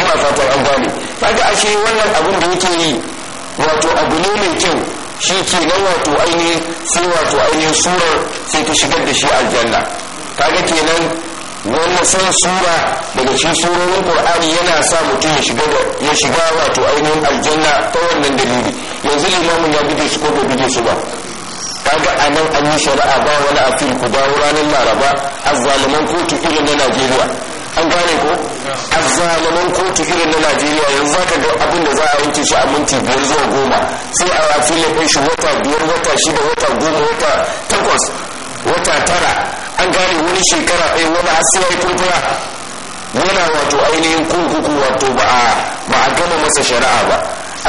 ina fatar an gane kaga ashe wannan abin da yake yi wato abu ne mai kyau shi ke nan wato ainihin sai wato ainihin surar sai ta shigar da shi aljanna kaga kenan wannan san sura daga cikin surorin qur'ani yana sa mutum ya shiga ya shiga wato ainihin aljanna ta wannan dalili yanzu limamin ya bude su ko bai bige su ba kaga a nan an yi shari'a ba wani afil ku dawo ranar laraba a azzaliman kotu irin na najeriya an gane ko a azzaliman kotu irin na najeriya yanzu zaka ga abin da za a yanke shi a minti biyar zuwa goma sai a afil ya shi wata biyar wata shida wata goma wata takwas wata tara an gane wani shekara ɗaya wani har ya kurkura yana wato ainihin kurkuku wato ba a gama masa shari'a ba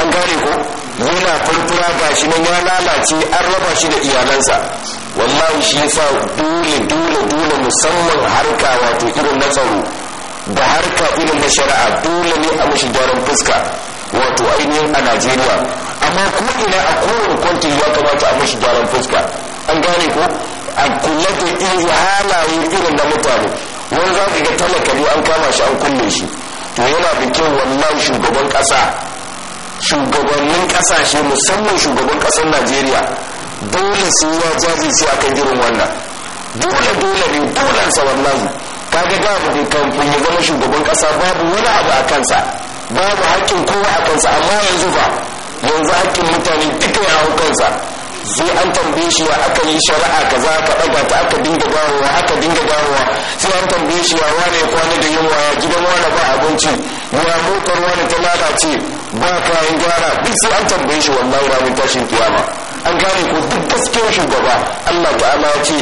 an gane ko yana furfura ga shi nan ya lalace an raba shi da iyalansa wallahi shi yasa dole dole dole musamman harka wato irin na tsaro da harka irin na shari'a dole ne a mashi gyaran fuska wato ainihin a najeriya amma ko ina a kowane kwantin ya kamata a mashi gyaran fuska an gane ko a kula da irin halaye irin na mutane wani za ka ga talaka ne an kama shi an kulle shi to yana da kyau wallahi shugaban kasa shugabannin kasashe musamman shugaban kasar najeriya dole su yi su a kan jirin wannan dole dole ne dole sa wannan. kaga ga abu da kan ya zama shugaban kasa babu wani abu a kansa babu hakkin kowa a kansa amma yanzu ba yanzu hakkin mutane duka ya hau kansa sai an tambaye shi ya aka yi shari'a ka za ka ɗaga ta aka dinga dawowa aka dinga dawowa sai an tambaye shi ya wane kwana da yunwa ya gidan wane ba abinci ya motar wane ta lalace ba kayan gyara duk sai an tambaye shi wallahi ranar tashin kiyama an gane ko duk gaskiyar shugaba Allah ta ya ce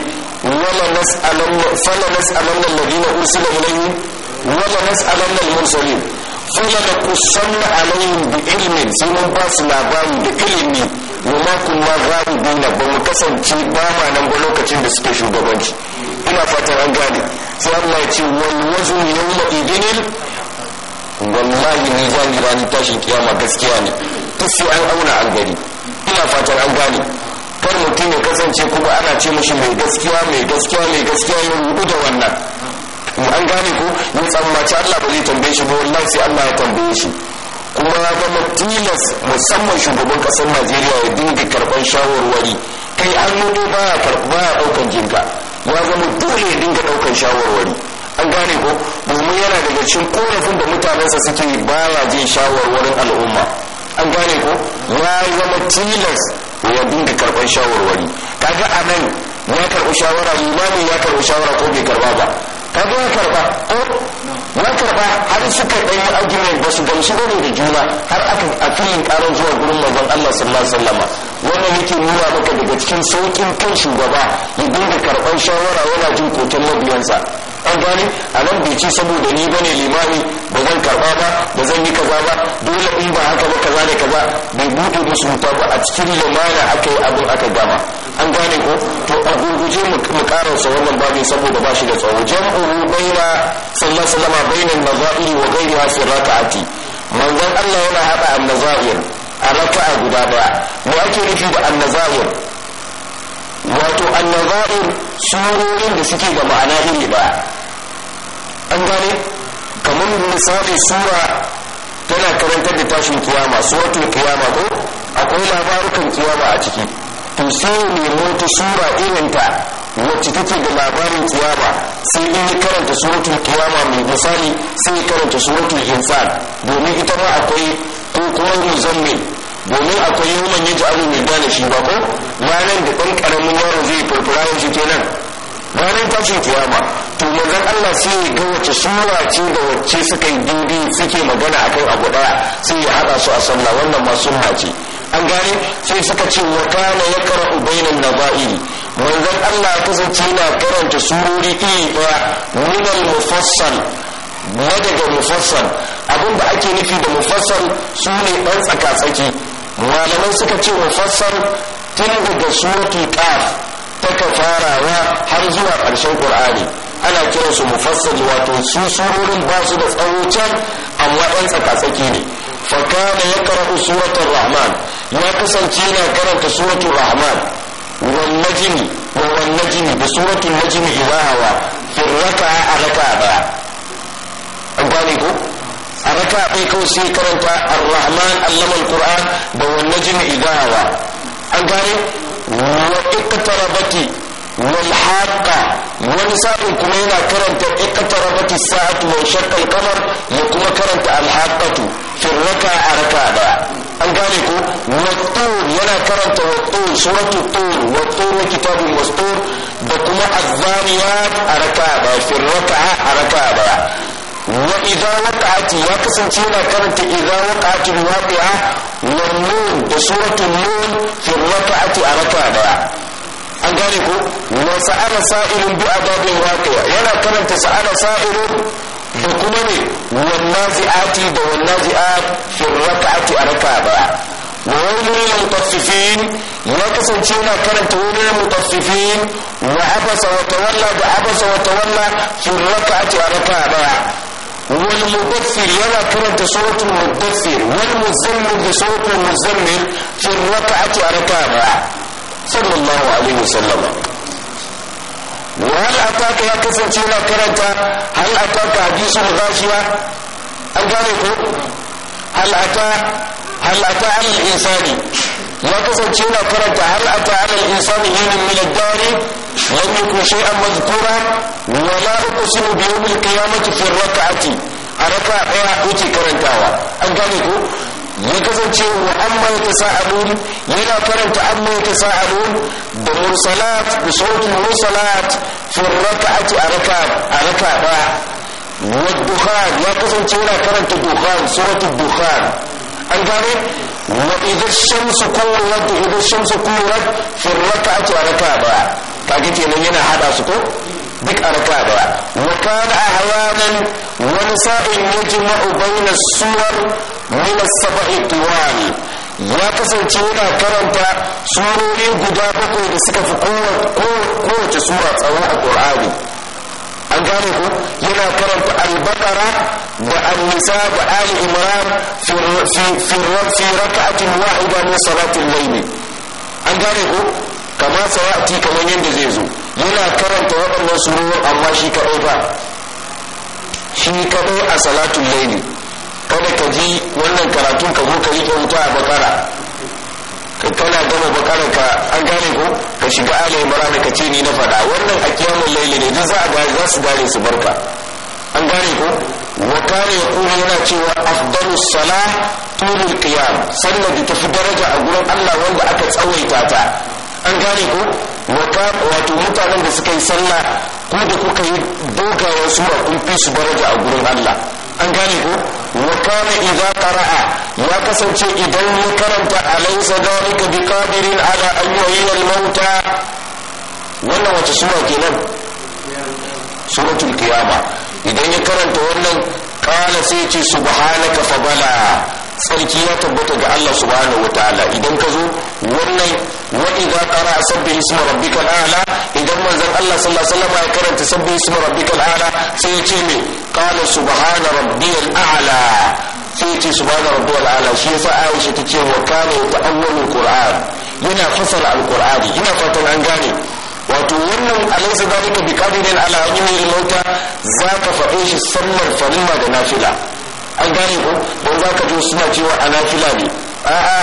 wala nas'alanna fala nas'alun alladhina ursila ilayhi wala nas'alun al-mursalin fala naqussanna alayhim bi ilmin sai mun ba su labari da ilimi wa ma kunna ghaibina ba mu kasance ba ma nan ba lokacin da suke shugabanci ina fatan an gane sai Allah ya ce wal wazn yawma idinil wallahi ni zan yi ranar tashin kiyama gaskiya ne duk sai an auna an gari ina fatan an gane kar mutum ya kasance kuma ana ce mashi mai gaskiya mai gaskiya mai gaskiya ya rubu da wannan an gane ko ya tsammaci Allah ba zai tambaye shi ba wallahi sai Allah ya tambaye shi kuma ya zama tilas musamman shugaban kasar Najeriya ya dinga karban shawarwari kai an nuno baya baya daukan jinka ya zama dole ya dinga daukan shawarwari an gane ko domin yana daga cikin korafin da mutanensa suke baya jin shawarwarin al'umma an gane ko ya zama tilas ya dinga karɓar shawarwari kaga a nan ya karɓi shawara limamin ya karɓi shawara ko bai karɓa ba kaga ya karɓa ko ya karɓa har suka ɗan yi argument ba su gamsu ne da juna har aka a filin ƙarar zuwa gurin mazan Allah sallallahu alaihi wasallama wannan yake nuna maka daga cikin saukin kan shugaba ya dinga karɓar shawara yana jin koken mabiyansa an gane a nan bai ci saboda ni bane limami ba zan karba ba ba zan yi kaza ba dole in ba haka ba kaza da kaza bai bude musu wuta ba a cikin lumana aka yi abin aka gama an gane ko to a gurguje mu sa wannan babin saboda ba shi da tsawo jam'u baina sallallahu alaihi wasallam bainan nazairi wa ghayriha fi raka'ati manzon Allah yana hada annazahir a raka'a guda ba mu ake nufi da annazahir wato annaba'in surorin da suke da ma'ana iri ba an gane kamar misali sura tana karantar da tashin kiyama suratul kiyama ko akwai labarukan kiyama a ciki to sai ne wata sura irinta wacce take da labarin kiyama sai in yi karanta suratul kiyama mai misali sai karanta suratul insan domin ita ma akwai ko kuma muzammil domin akwai yawan yaji abu mai gane shi ba ko ranar da ɗan ƙaramin yaro zai furfura yau shi kenan ranar tashin kiyama to manzon Allah sai ya ga wace sura ce da wacce suka yi dubi suke magana akan abu ɗaya sai ya haɗa su a sallah wannan ma sunna ce an gane sai suka ce wa kana ya ubainan da ba'i manzon Allah kasance na karanta surori iri ɗaya min mufassal na mufassal abin da ake nufi da mufassal su ne ɗan tsaka-tsaki malamai suka ce mufassar tun daga surutu kaf ta farawa har zuwa ƙarshen ƙur'ani ana kiran su mufassar wato su surorin ba su da tsawo can amma ɗan tsakatsaki ne fakana ya karɓi suratul rahman ya kasance yana karanta suratun rahman wal najmi wa wal da suratun najmi idha hawa a raka'a ba an gane ko a raka ɗaya kawai sai karanta ar-rahman allama al-qur'an da wannan jini idawa an gane wa iqtarabati wal haqa wani sa'in kuma yana karanta iqtarabati sa'atu wa shaqqa al-qamar ya kuma karanta al-haqatu fi raka a raka an gane ko wattur yana karanta wattur suratul tur wattur wa kitabul mastur da kuma az-zariyat a raka ɗaya fi raka a وإذا وقعت يكسن فينا كانت إذا وقعت الواقعة والنون بصورة النون في الركعة أركع بها أنقالك وسأل سائل بأداب الواقع يلا كانت سأل سائل بكمني والنازعات والنازعات في الركعة أركع بها وولي المطففين يكسن فينا كانت وولي المطففين وعبس وتولى وعبس وتولى في الركعة أركع والمدثر يرى كرة صوت المدثر والمزمل بصوت المزمل في الركعة ركابة صلى الله عليه وسلم وهل أتاك يا كفر تيلا كرة هل أتاك حديث الغاشية أجاريكو هل أتى هل أتى على الإنسان يا كفر تيلا كرة هل أتى على الإنسان من الدار لم يكن شيئا مذكورا ولا أقسم بيوم القيامة في الركعة أركع أيا أتي كرنتاوا أنقالكو ya kasance wa amma ya ta sa'adun yana karanta amma ya ta sa'adun da mursalat da sautin mursalat fi raka'ati a raka a raka ba wa dukhan ya kasance yana karanta dukhan suratu an a raka ba kaga kenan yana hada su ko duk a raka daya wa kana ahwanan wani sa'in yajma'u bayna suwar min as-sab'i tuwani ya kasance yana karanta surori guda bakwai da suka fi kowace sura tsawon a ƙur'ani an gane ko yana karanta al-baqara da an-nisa da ali imran fi fi fi raka'atin wahida min al layl an gane ko kama sawa'ati kamar yadda zai zo yana karanta waɗannan surorin amma shi kaɗai ba shi kaɗai a salatun laili kada ka ji wannan karatun ka ka yi kyauta a bakara kana gama bakara ka an gane ko ka shiga mara da ka ce ni na faɗa wannan a kiyamun laili ne duk za a gane za su gane su barka an gane ko wa ya ƙura yana cewa afdalu salah tulul qiyam sallar da fi daraja a gurin Allah wanda aka tsawaita ta an gane ko wato mutanen da suka yi sallah ko da kuka yi dogayen sura kun fi su baraja a gurin Allah an gane ko wa kana idza qara'a ya kasance idan ya karanta alaysa dalika biqadirin ala an yuhyiya al-mauta wannan wace sura kenan suratul qiyamah idan ya karanta wannan qala sai ce subhanaka fabala sarki ya tabbata ga Allah subhanahu wataala idan ka zo wannan wani wa idza qara sabbin isma rabbikal a'la idan manzon Allah sallallahu alaihi wasallam ya karanta sabbin isma rabbikal a'la sai ya ce me qala subhana rabbiyal a'la sai ya ce subhana rabbiyal a'la shi yasa Aisha ta ce wa kana ta'awwalul qur'an yana fasara alqur'ani ina fatan an gane wato wannan alaysa zalika biqadirin ala ilmi al za ka faɗe shi sallar farilla da nafila an gane ko don za ka ji suna cewa a nafila ne a'a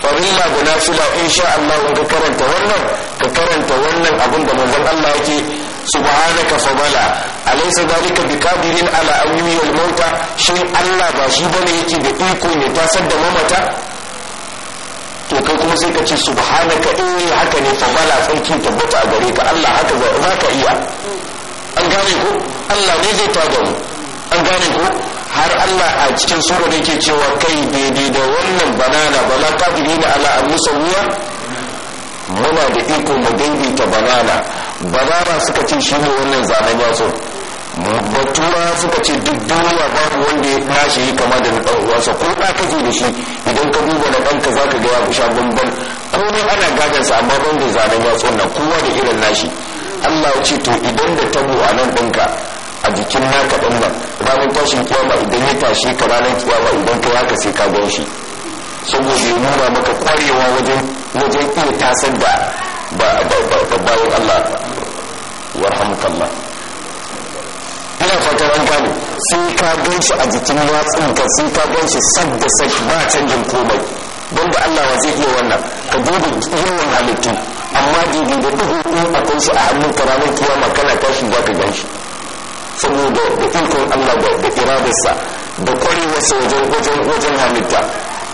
farin da nafila in sha Allah in ka karanta wannan ka karanta wannan abin da manzon Allah yake subhanaka fabala alaysa dhalika biqadirin ala an yuhyil mauta shin Allah ba shi bane yake da iko ne ta sadda mamata to kai kuma sai ka ce subhanaka eh haka ne fabala sarki tabbata a gare ka Allah haka za ka iya an gane ko Allah ne zai tada mu an gane ko har Allah a cikin sura da yake cewa kai daidai da wannan banana ba kafiri da ala an musawiya muna da iko mu daidaita banana banana suka ce shi ne wannan zanen yatsu batura suka ce duk duniya babu wanda ya tashi yi kama da ɗan uwansa ko ɗa kake da shi idan ka duba da ɗanka za ka gaya ya sha bamban komai ana gadon sa amma ban da zanen yatsun nan kowa da irin nashi Allah ya ce to idan da tabo a nan ɗinka a jikin naka ɗin nan ranar tashin kiyama idan ya tashi ka ranar kiyama idan ka haka sai ka gan shi saboda ya nuna maka kwarewa wajen wajen iya tasar da bayan Allah warhamukallah ina fata ran kano sai ka gan shi a jikin watsin ka sai ka gan shi sab da sab ba canjin komai don da Allah wa zai iya wannan ka duba yawan halittu amma dubi da duhu a kan shi a hannun ka ranar kiyama kana tashi ba ka gan shi saboda da ikon Allah da iradarsa da kwarewarsa wajen wajen wajen halitta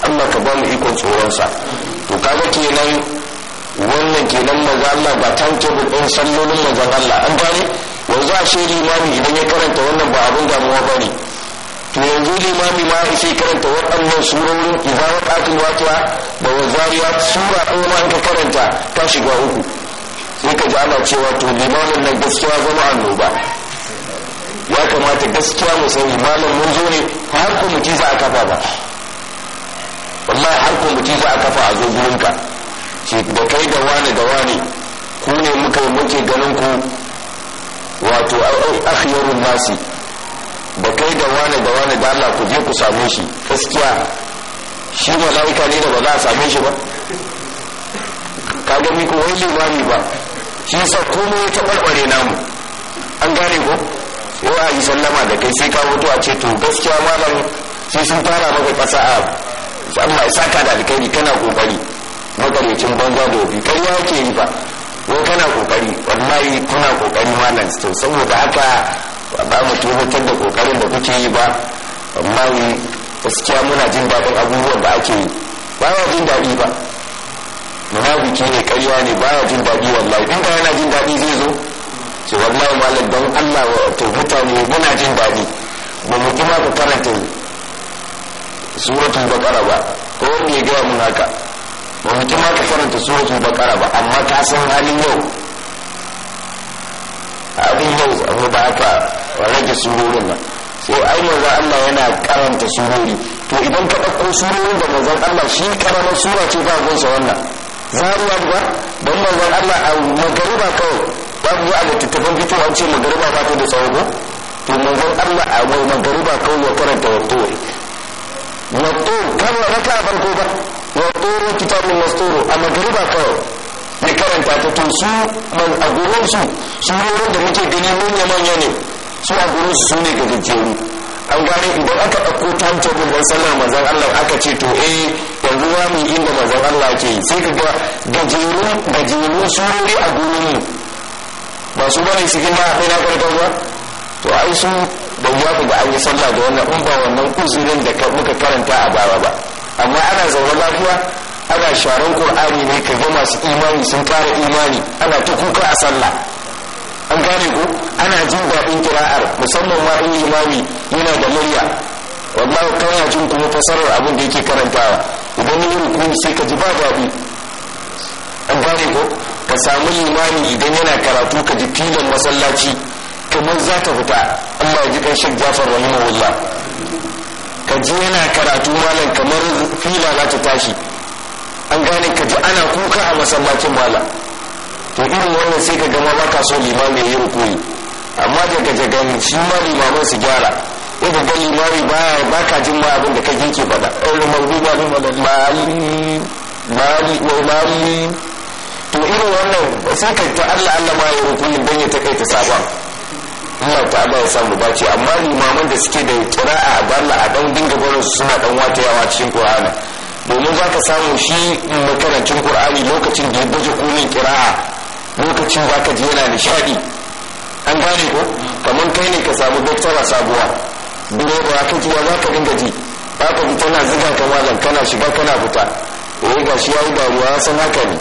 Allah ka ba mu ikon tsoronsa to kaga kenan wannan kenan maza Allah ba timetable ɗin sallolin maza Allah an gane yanzu a shi limami idan ya karanta wannan ba abin damuwa ba ne to yanzu limami ma sai karanta waɗannan surorin idza waqatul waqi'a da wazariya sura ɗaya ma ka karanta ta shiga uku sai ka ji ana cewa to limamin nan gaskiya zama annoba ya kamata gaskiya mu sani malam mun zo ne har ko mu za a kafa ba wallahi har ko mu za a kafa a zo gurin ka shi da kai da wani da wani ku ne muka muke ganin ku wato akhyarun nasi da kai da wani da wani da Allah ku je ku same shi gaskiya shi mala'ika ne da ba za a same shi ba ka ga mi ko wai limami ba shi sa komai ta barbare namu an gane ko ko a yi sallama da kai sai ka mutu a ce to gaskiya malam sai sun fara maka kasa a Allah ya saka da alkhairi kana kokari magarecin banza da obi kai ya ke yi ba ko kana kokari wallahi kuna kokari malam to saboda haka ba mu tabbatar da kokarin da kuke yi ba amma ni gaskiya muna jin daɗin abubuwan da ake yi ba wa jin daɗi ba munafiki ne ƙarya ne ba wa jin daɗi wallahi in yana jin daɗi zai zo ce wallahi malam don Allah wa to mutane muna jin daɗi ba mu kuma ku karanta suratul baqara ba ko wanda ya gaya mun haka ba mu kuma ku karanta suratul baqara ba amma ka san halin yau abin yau abu ba haka rage surorin nan sai ai manzon Allah yana karanta surori to idan ka ɗauko surorin da manzon Allah shi karanta sura ce ba gonsa wannan zaruwa ba don manzon Allah a magariba kawai za mu yi a littattafan fitowa ce magariba ba ta da tsawo ko to manzon Allah a mai magariba kawai ya karanta wa wato wato kawai raka a farko ba wa wato kitabun mastoro a magariba kawai ya karanta ta to su man a gurin su su wurin da muke gani manya manya ne su a gurin su ne gajejjeru an gane idan aka ɗauko timetable don sallar manzon Allah aka ce to eh yanzu za mu yi inda manzon Allah ke yi sai ka ga gajeru gajeru surori a gurin mu ba su bane cikin a kai na farkon ba to ai su ba ya ku ga an yi sallah da wannan in ba wannan uzurin da muka karanta a baya ba amma ana zaune lafiya ana sharan qur'ani ne ka ga masu imani sun kara imani ana ta kuka a sallah an gane ku ana jin daɗin kira'ar musamman ma in imami yana da murya wallahi kana jin kuma fasarar abin da yake karantawa idan yi rukuni sai ka ji ba daɗi an gane ku ka samu limami idan yana karatu ka ji filin masallaci kamar za ta fita Allah ya ji kan jafar rahimahullah ka ji yana karatu malam kamar fila za ta tashi an gane ka ji ana kuka a masallacin malam to irin wannan sai ka gama ba ka so limami ya yi rukuni amma daga jagan shi ma limamin su gyara in ka ga limami ba ka jin ma abin da kake ke faɗa ɗaurin marubi ba ma to irin wannan sai ka ta Allah Allah ma ya rukunin dan ya ta sabon Allah ta Allah ya samu bace amma limaman da suke da qira'a a balla a dan dinga barin su suna dan watayawa cikin Qur'ani domin za ka samu shi makarancin Qur'ani lokacin da ya baje kunin qira'a lokacin za ka ji yana nishadi an gane ko kamar kai ne ka samu doctora sabuwa direba ka ji za ka dinga ji ba ka ji tana zuga ka malam kana shiga kana fita eh gashi ya yi damuwa san haka ne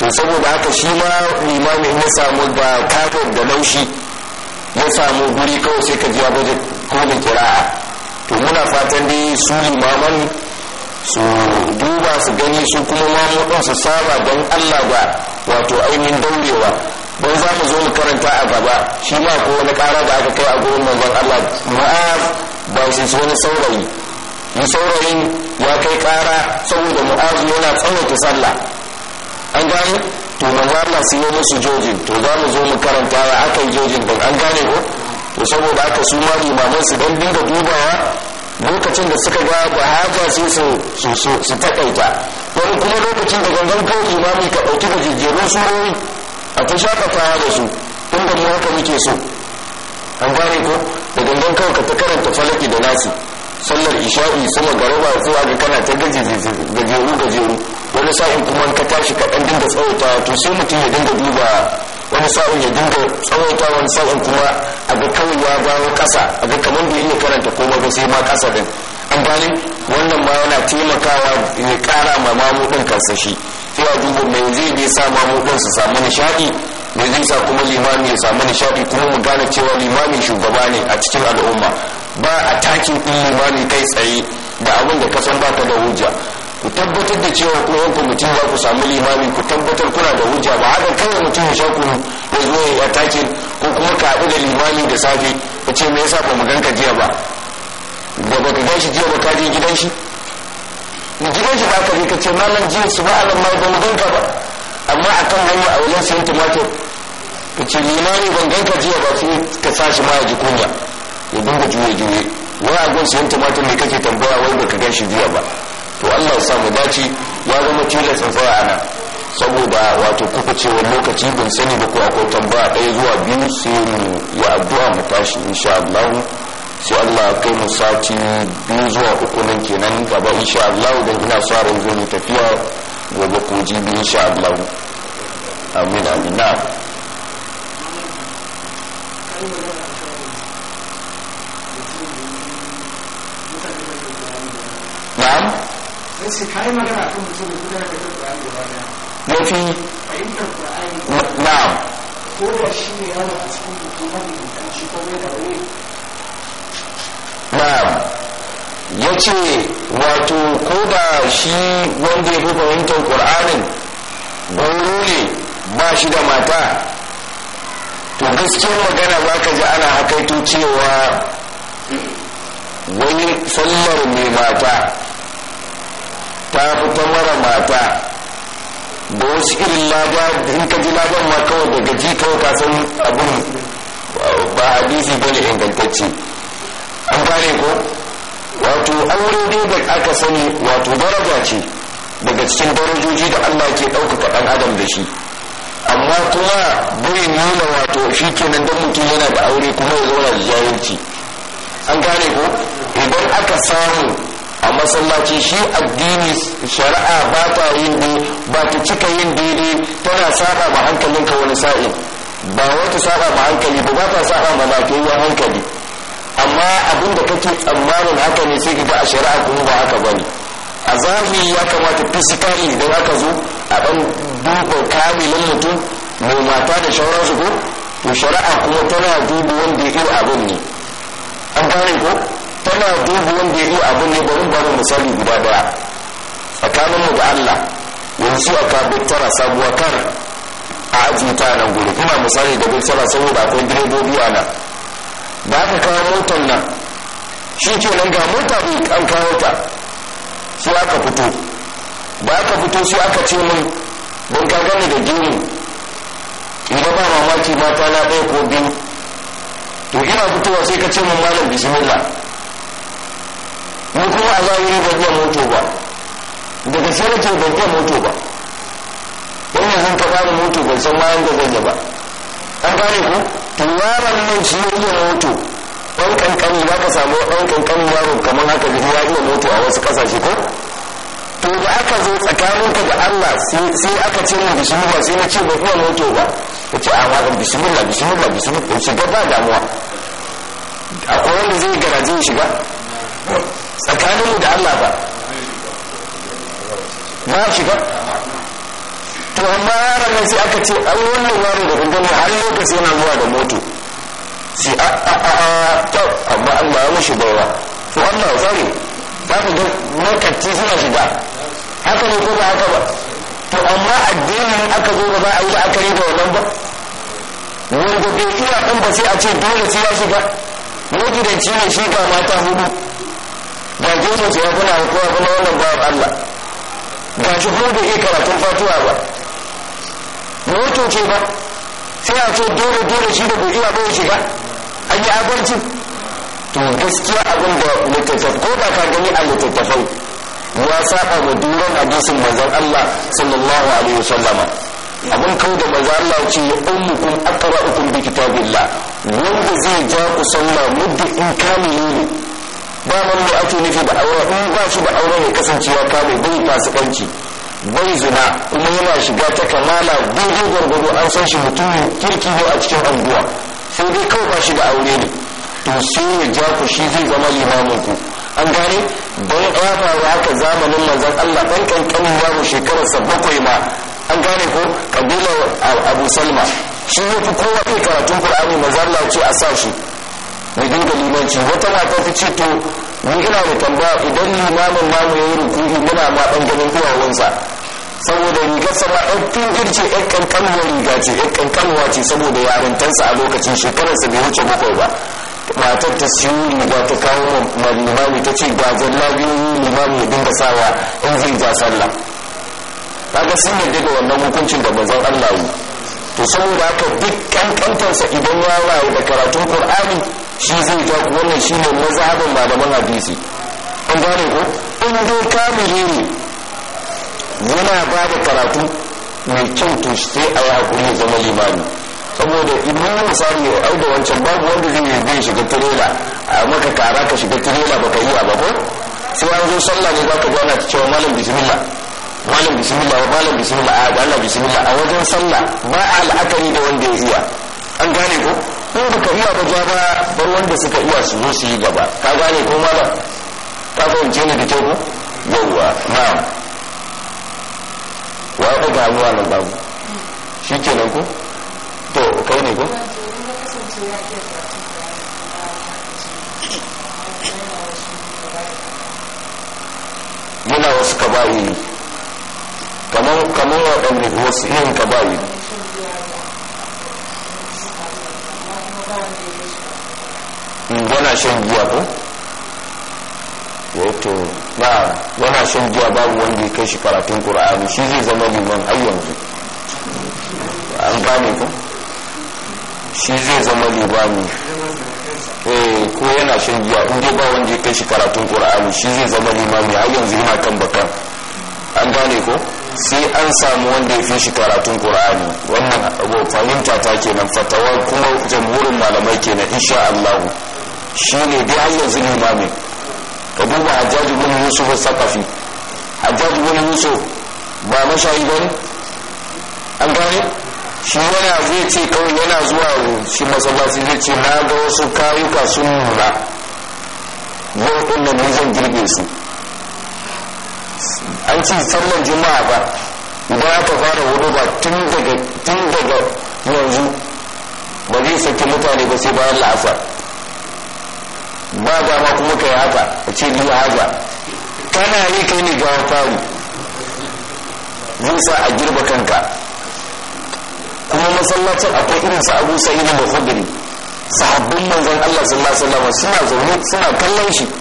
to saboda haka shi ma limami ya samu ba kafin da laushi ya samu guri kawai sai ka ji baje kolin kira'a to muna fatan dai su limaman su duba su gani su kuma mamudin su saba don allah ba wato ainihin daurewa don za mu zo mu karanta a gaba shi ma ko wani kara da aka kai a gurin manzon allah ma'af ba su wani saurayi saurayin ya kai kara saboda mu'azu yana tsananta sallah an gane to manzo Allah musu jojin to za mu zo mu karanta ya akan jojin din an gane ko to saboda aka su ma limaman su dan dinga dubawa lokacin da suka ga ba haja sai su su su takaita wani kuma lokacin da gangan ko imami ka dauki da jijjerun surori a ta fara da su inda mu haka muke so an gane ko da gangan kawai ka ta karanta falaki da nasi sallar isha'i sama garaba zuwa ga kana ta gajeru gajeru wani sa'in kuma ka tashi ka dan dinga tsawaita to sai mutum ya dinga duba wani sa'in ya dinga tsawaita wani sa'in kuma a ga kawai ya bawa kasa a ga kamar bai iya karanta ko ba sai ma kasa din an bani wannan ma yana taimakawa ya kara ma mamudin kansa shi sai a duba mai zai bai sa mamudin su samu nishaɗi mai zai sa kuma limami ya samu nishaɗi kuma mu gane cewa limami shugaba ne a cikin al'umma ba a takin ɗin limami kai tsaye da abin da kasan ba ta da hujja ku tabbatar da cewa kuma yanku mutum za ku samu limami ku tabbatar kuna da hujja ba haka kawai mutum ya sha ya zo ya atake ko kuma ka haɗu da limami da safe ka ce me yasa ba mu ganka jiya ba da ba ka gashi jiya ba ka je gidan shi gidan shi ba ka je ka ce nan jiya su ba alam mai ba mu ganka ba amma a kan hanya a wajen sayan tumatir ka ce limami ban ganka jiya ba sai ka sa shi ma ya ji kunya ya dinga juye-juye wai a gun sayan tumatir ne kake tambaya wai ba ka gan shi jiya ba to Allah ya samu dace ya zama tilas in tsaya ana saboda wato kuka cewa lokaci ban sani ba ko akwai tambaya ɗaya zuwa biyu sai mu yi addu'a mu tashi insha Allah sai Allah ya kai mu sati biyu zuwa uku nan kenan gaba insha Allah dan ina sa ran tafiya gobe ko jibi insha Allah amin amin na na'am yace mafi fahimtar ko wato ko da shi wanda ya fi fahimtar ƙur'anin gauro ne ba shi da mata to gaskiyar magana za ka ji ana hakaito cewa wani sallar mai mata ta fito mara mata da wasu irin lada in ka ji ladan ma kawai daga ji kawai ka san abin ba hadisi ba ne ingantacce an gane ko wato aure dai da aka sani wato daraja ce daga cikin darajoji da allah ke ɗaukaka ɗan adam da shi amma kuma bai nuna wato shi kenan don mutum yana da aure kuma ya zauna da jayanci an gane ko idan aka samu a masallaci shi addini shari'a ba ta yin ne ba ta cika yin daidai tana saba ma hankalinka wani sa'in ba wata saba ma hankali ba ba ta saba ma lafiyayyen hankali amma abin da kake tsammanin haka ne sai ga a shari'a kuma ba haka bane a zahiri ya kamata fisikali idan aka zo a ɗan duba kamilin mutum mai mata da shauransu ko to shari'a kuma tana duba wanda ya abin ne an gane ko tana dubu wanda ya iya abin ne bari bari misali guda daya tsakanin mu da Allah yanzu a kabin tara sabuwa kar a ajiye nan guri kuma misali da bin tara saboda akwai direbobi a nan da aka kawo motar nan shi ke nan ga mota an kawo ta sai aka fito da aka fito sai aka ce min ban ka gani da gini idan ba mamaki mata na ɗaya ko biyu to ina fitowa sai ka ce min malam bismillah ni kuma a zahiri ba iya moto ba daga sai nake ban moto ba don yanzu ka bani moto ban san bayan da zan ba an gane ku to yaron nan shi ya iya moto ɗan kankani ba ka samu ɗan kankani yaro kamar haka da ya iya moto a wasu kasashe ko to da aka zo tsakaninka da Allah sai aka ce min bismillah sai na ce ba kuwa moto ba ta ce a wadan bismillah bismillah bismillah shiga ba damuwa akwai wanda zai garaje shiga tsakaninmu da Allah ba ba shi ba to amma yaran nan sai aka ce an wannan yaro da gudun har lokaci yana zuwa da moto sai a a a a to amma Allah ya mushi baiwa to Allah ya tsare za ku ga makatti suna shiga haka ne ko ba haka ba to amma addinin aka zo ba za a yi la'akari da wannan ba wanda bai iya ɗin ba sai a ce dole sai ya shiga magidanci ne shi ga mata hudu ba gefe ce ya kuna kuma kuma wannan ba Allah ba shi kuma bai iya karatun fatuwa ba moto ce ba sai a ce dole dole shi da bai iya bai shiga an yi abarci to gaskiya abin da littattaf ko ba ka gani a littattafai ya saba da duran hadisin manzon Allah sallallahu alaihi wasallam abin kai da manzon Allah ce ya ummukum aqra'ukum bi kitabillah wanda zai ja ku sallah muddi in kamili ne daman da ake nufi da aure in ba shi da aure mai kasancewa kame bai fasikanci bai zina kuma yana shiga ta kamala daidai gwargwado an san shi mutumin kirki ne a cikin anguwa sai dai kawai ba shi da aure ne to sai ya ja ku shi zai zama limamin ku an gane bai don ya haka zamanin manzon Allah ɗan ƙanƙanin yaro shekararsa bakwai ma an gane ko ƙabilar Abu Salma shi ya fi kowa kai karatun Qur'ani manzon Allah ce a sa shi ya dinga limanci wata mata ta ce to ni ina da tambaya idan limamin namu ya yi rukuni muna ma ɗan ganin duwawunsa saboda rigar sama ɗan fingir ce ɗan kankanwa riga ce ɗan kankanwa ce saboda yarintarsa a lokacin shekararsa bai wuce bakwai ba matar ta siyo riga ta kawo ma limami ta ce ga zalla biyu limami ya dinga sawa in zai ja sallah kaga sun yarda da wannan hukuncin da manzon Allah yi to saboda haka duk kankantarsa idan ya rayu da karatun Qur'ani shi zai ta ku wannan shi ne mazhabin malaman hadisi an gane ko in dai kamili ne yana ba da karatu mai kyau to sai a yi hakuri ya zama limami saboda idan misali ya auda wancan babu wanda zai yi zai shiga tirela a maka kara ka shiga tirela ka yi ba ko sai an zo sallah ne ka gwana ta cewa malam bismillah malam bismillah malam bismillah a malam bismillah a wajen sallah ba a la'akari da wanda ya iya an gane ko in baka iya ba ja ba bar wanda suka iya su zo su yi gaba ka gane ko malam ka fahimce ni da kyau ko yawwa na'am wa ya daga hannuwa nan babu shi kenan ko to kai ne ko muna wasu kaba'i kamar waɗanda wasu yin kaba'i yana shan giya ko wato eh ba yana shan giya babu wanda ya kai shi karatun qur'ani shi zai zama liman har yanzu an gane ko shi zai zama limami eh ko yana shan giya in dai ba wanda ya kai shi karatun qur'ani shi zai zama limami har yanzu yana kan bakan an gane ko sai an samu wanda ya fi shi karatun qur'ani wannan fahimta ta kenan fatawa kuma jamhurin malamai kenan insha Allah shine dai har yanzu ne mami ka duba Hajjaj ibn Yusuf sakafi saqafi Hajjaj ibn Yusuf ba mashayi bane an gane shi yana zai ce kawai yana zuwa shi masallaci zai ce na ga wasu kayuka sun nuna yau ɗin nan zan girbe su an ci sallar juma'a ba idan aka fara hudu ba tun daga tun daga yanzu ba zai saki mutane ba sai bayan la'asar ba dama kuma kai haka a ce biyu haka kana yi kai ne gawa faru zai sa a girba kanka kuma masallacin akwai irin sa abu sa'idin da hudiri sahabbin manzon allah sallallahu alaihi wasallam suna zaune suna kallon shi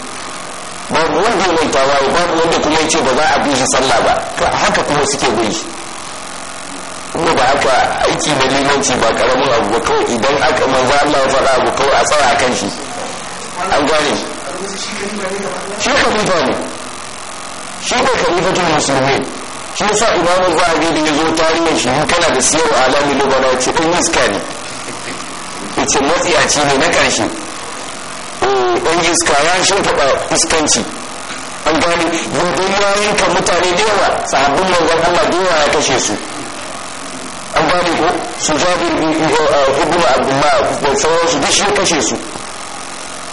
babu wanda manta tawaye babu wanda kuma yace ba za a bi shi sallah ba to haka kuma suke guri kuma ba haka aiki da limanci ba karamin abu ba kawai idan aka manzo Allah ya faɗa abu kawai a tsaya kan shi an gane shi khalifa ne shi ne khalifatul musulmi shi yasa imamu zahabi da ya zo tarihin shi kana da siyar alamin lubana ce ɗan iska ne ce matsiyaci ne na ƙarshe ɗan iska ya shimfiɗa iskanci an gani yadda ya yanka mutane da yawa sabbin manzon Allah da yawa ya kashe su an gani ko su jabir eh, eh, ibn abdullah da sauransu duk shi kashe su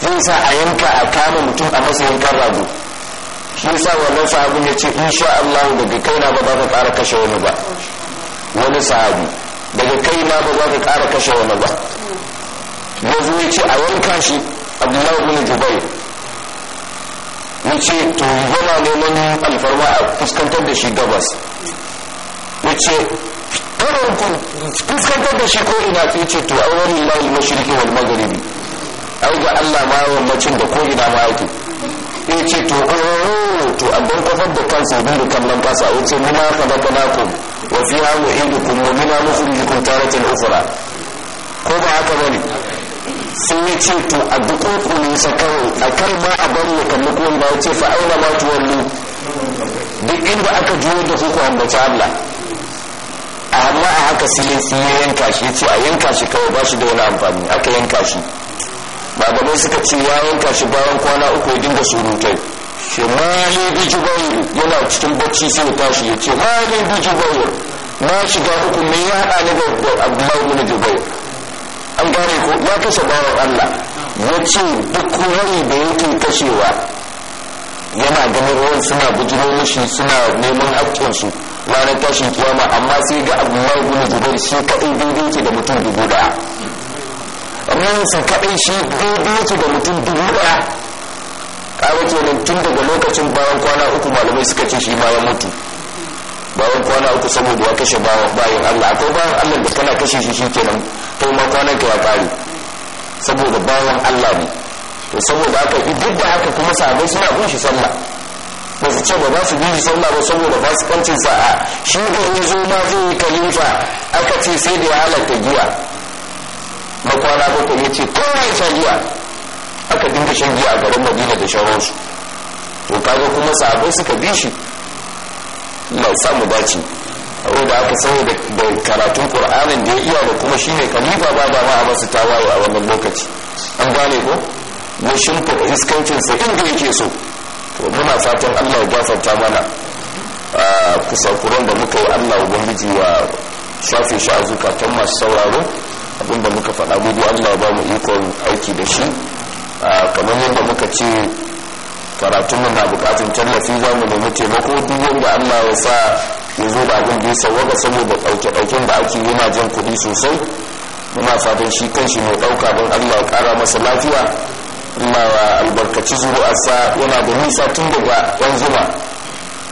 zai sa a yanka a kama mutum a masa yankan rago shi yasa wannan sahabin ya ce insha Allah daga na ba za ka ƙara kashe wani ba wani sahabi daga kai na ba za ka ƙara kashe wani ba yanzu ya ce a wanka shi abdullahi bin jubair yace to yana neman alfarma a fuskantar da shi gabas yace karin ku fuskantar da shi ko ina yace to a wani lillahi mashirki wani magharibi ai ga Allah ma yammacin da ko ina ma yake yace to oh to abban kafar da kansa bin kallon kasa yace mu ma khalaqnakum wa fiha nu'idukum wa minna tare taratan ufura ko ba haka ba ne. sai yi ce to a dukunkune sa kawai a kan ma a bari ya kalli ko ba ya ce fa aula ma tuwallu duk inda aka juyo da ku ambaci Allah amma a haka sai yi ya yanka shi ce a yanka shi kawai ba shi da wani amfani aka yanka shi ba bababai suka ce ya yanka shi bayan kwana uku ya dinga surutai shi ma ne biji bayu yana cikin bacci sai ya tashi ya ce ma ne biji bayu na shiga uku me ya haɗa ni da Abdullahi bin Jubair an gane ko ya kashe bawan Allah ya ce duk wani da yake kashewa yana ganin ruwan suna bujiro mishi suna neman haƙƙinsu ranar tashin kiyama amma sai ga abu mai gudu zubar shi kaɗai daidai ke da mutum dubu ɗaya ransa kaɗai shi daidai yake da mutum dubu ɗaya ƙara nan tun daga lokacin bayan kwana uku malamai suka ce shi ma ya mutu bayan kwana uku saboda ya kashe bayan Allah akwai bayan Allah da kana kashe shi shi kenan ko makwananka ya fari saboda bawan Allah ne to saboda aka yi duk da haka kuma sahabbai suna bin shi sallah ba su ce ba ba su bi shi sallah ba saboda ba su fasikancin sa'a shi da ya zo ma zai yi kalifa aka ce sai da ya halatta giya makwana bakwai ya ce kowa ya sha giya aka dinga shan giya a garin madina da shawararsu to kaga kuma sahabbai suka bi shi Allah samu dace da aka saboda da karatun ƙur'anin da ya iya da kuma shine khalifa ba ba ma a masu tawaye a wannan lokaci an gane ko ya shimfiɗa iskancin sa inda yake so to muna fatan Allah ya gafarta mana kuran da muka yi Allah ubangiji wa shafe shi a zukatan masu sauraro abinda muka faɗa gudu Allah ba mu ikon aiki da shi kamar yadda muka ce karatun na bukatun tallafi za mu nemi taimako duk wanda Allah ya sa ya zo da abin da ya sauwaka saboda ɗauke-ɗauken da ake yi jan kuɗi sosai muna fatan shi kan shi mai ɗauka don allah ƙara masa lafiya wa albarkaci sa yana da nisa tun daga ɗan zuma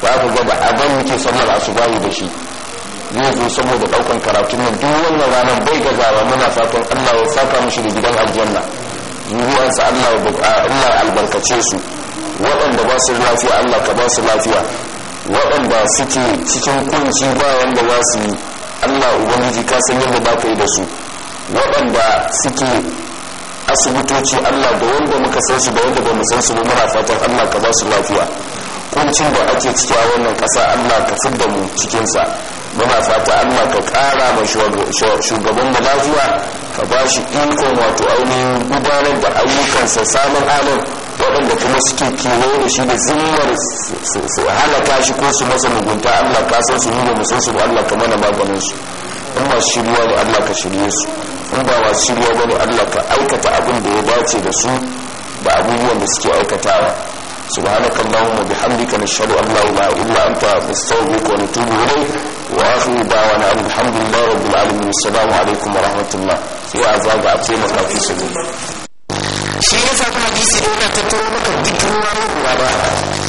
ba ku ga ba abin muke sallar bayu da shi zai zo saboda ɗaukan karatun nan duk wannan ranar bai gazawa muna fatan allah ya saka mishi da gidan aljanna zuru'arsa allah albarkace su waɗanda ba su lafiya allah ka ba su lafiya waɗanda suke cikin kunci ba wanda za su yi allah ubangiji ka san yadda ba ka yi da su waɗanda suke asibitoci allah da wanda muka san su da wanda ba mu san su ba muna fatan allah ka ba su lafiya kuncin da ake ciki a wannan kasa allah ka da mu cikinsa muna fata allah ka ƙara ma shugaban mu lafiya ka ba shi ikon wato ainihin gudanar da ayyukansa samun alam waɗanda kuma suke kewaye da shi da zimmar su halaka shi ko su masa mugunta allah ka san su nuna musan su allah ka mana maganin su in ba shirya ne allah ka shirye su in ba ba shirya ba ne allah ka aikata abin da ya dace da su da abubuwan da suke aikatawa سبحانك اللهم وبحمدك نشهد ان لا اله الا انت نستغفرك ونتوب اليك واخر دعوانا ان الحمد لله رب العالمين والسلام عليكم ورحمه الله يا عزاب عبد في سبيل shi yasa kuma hadisi ne yana tattaro maka duk ruwa ruwa ba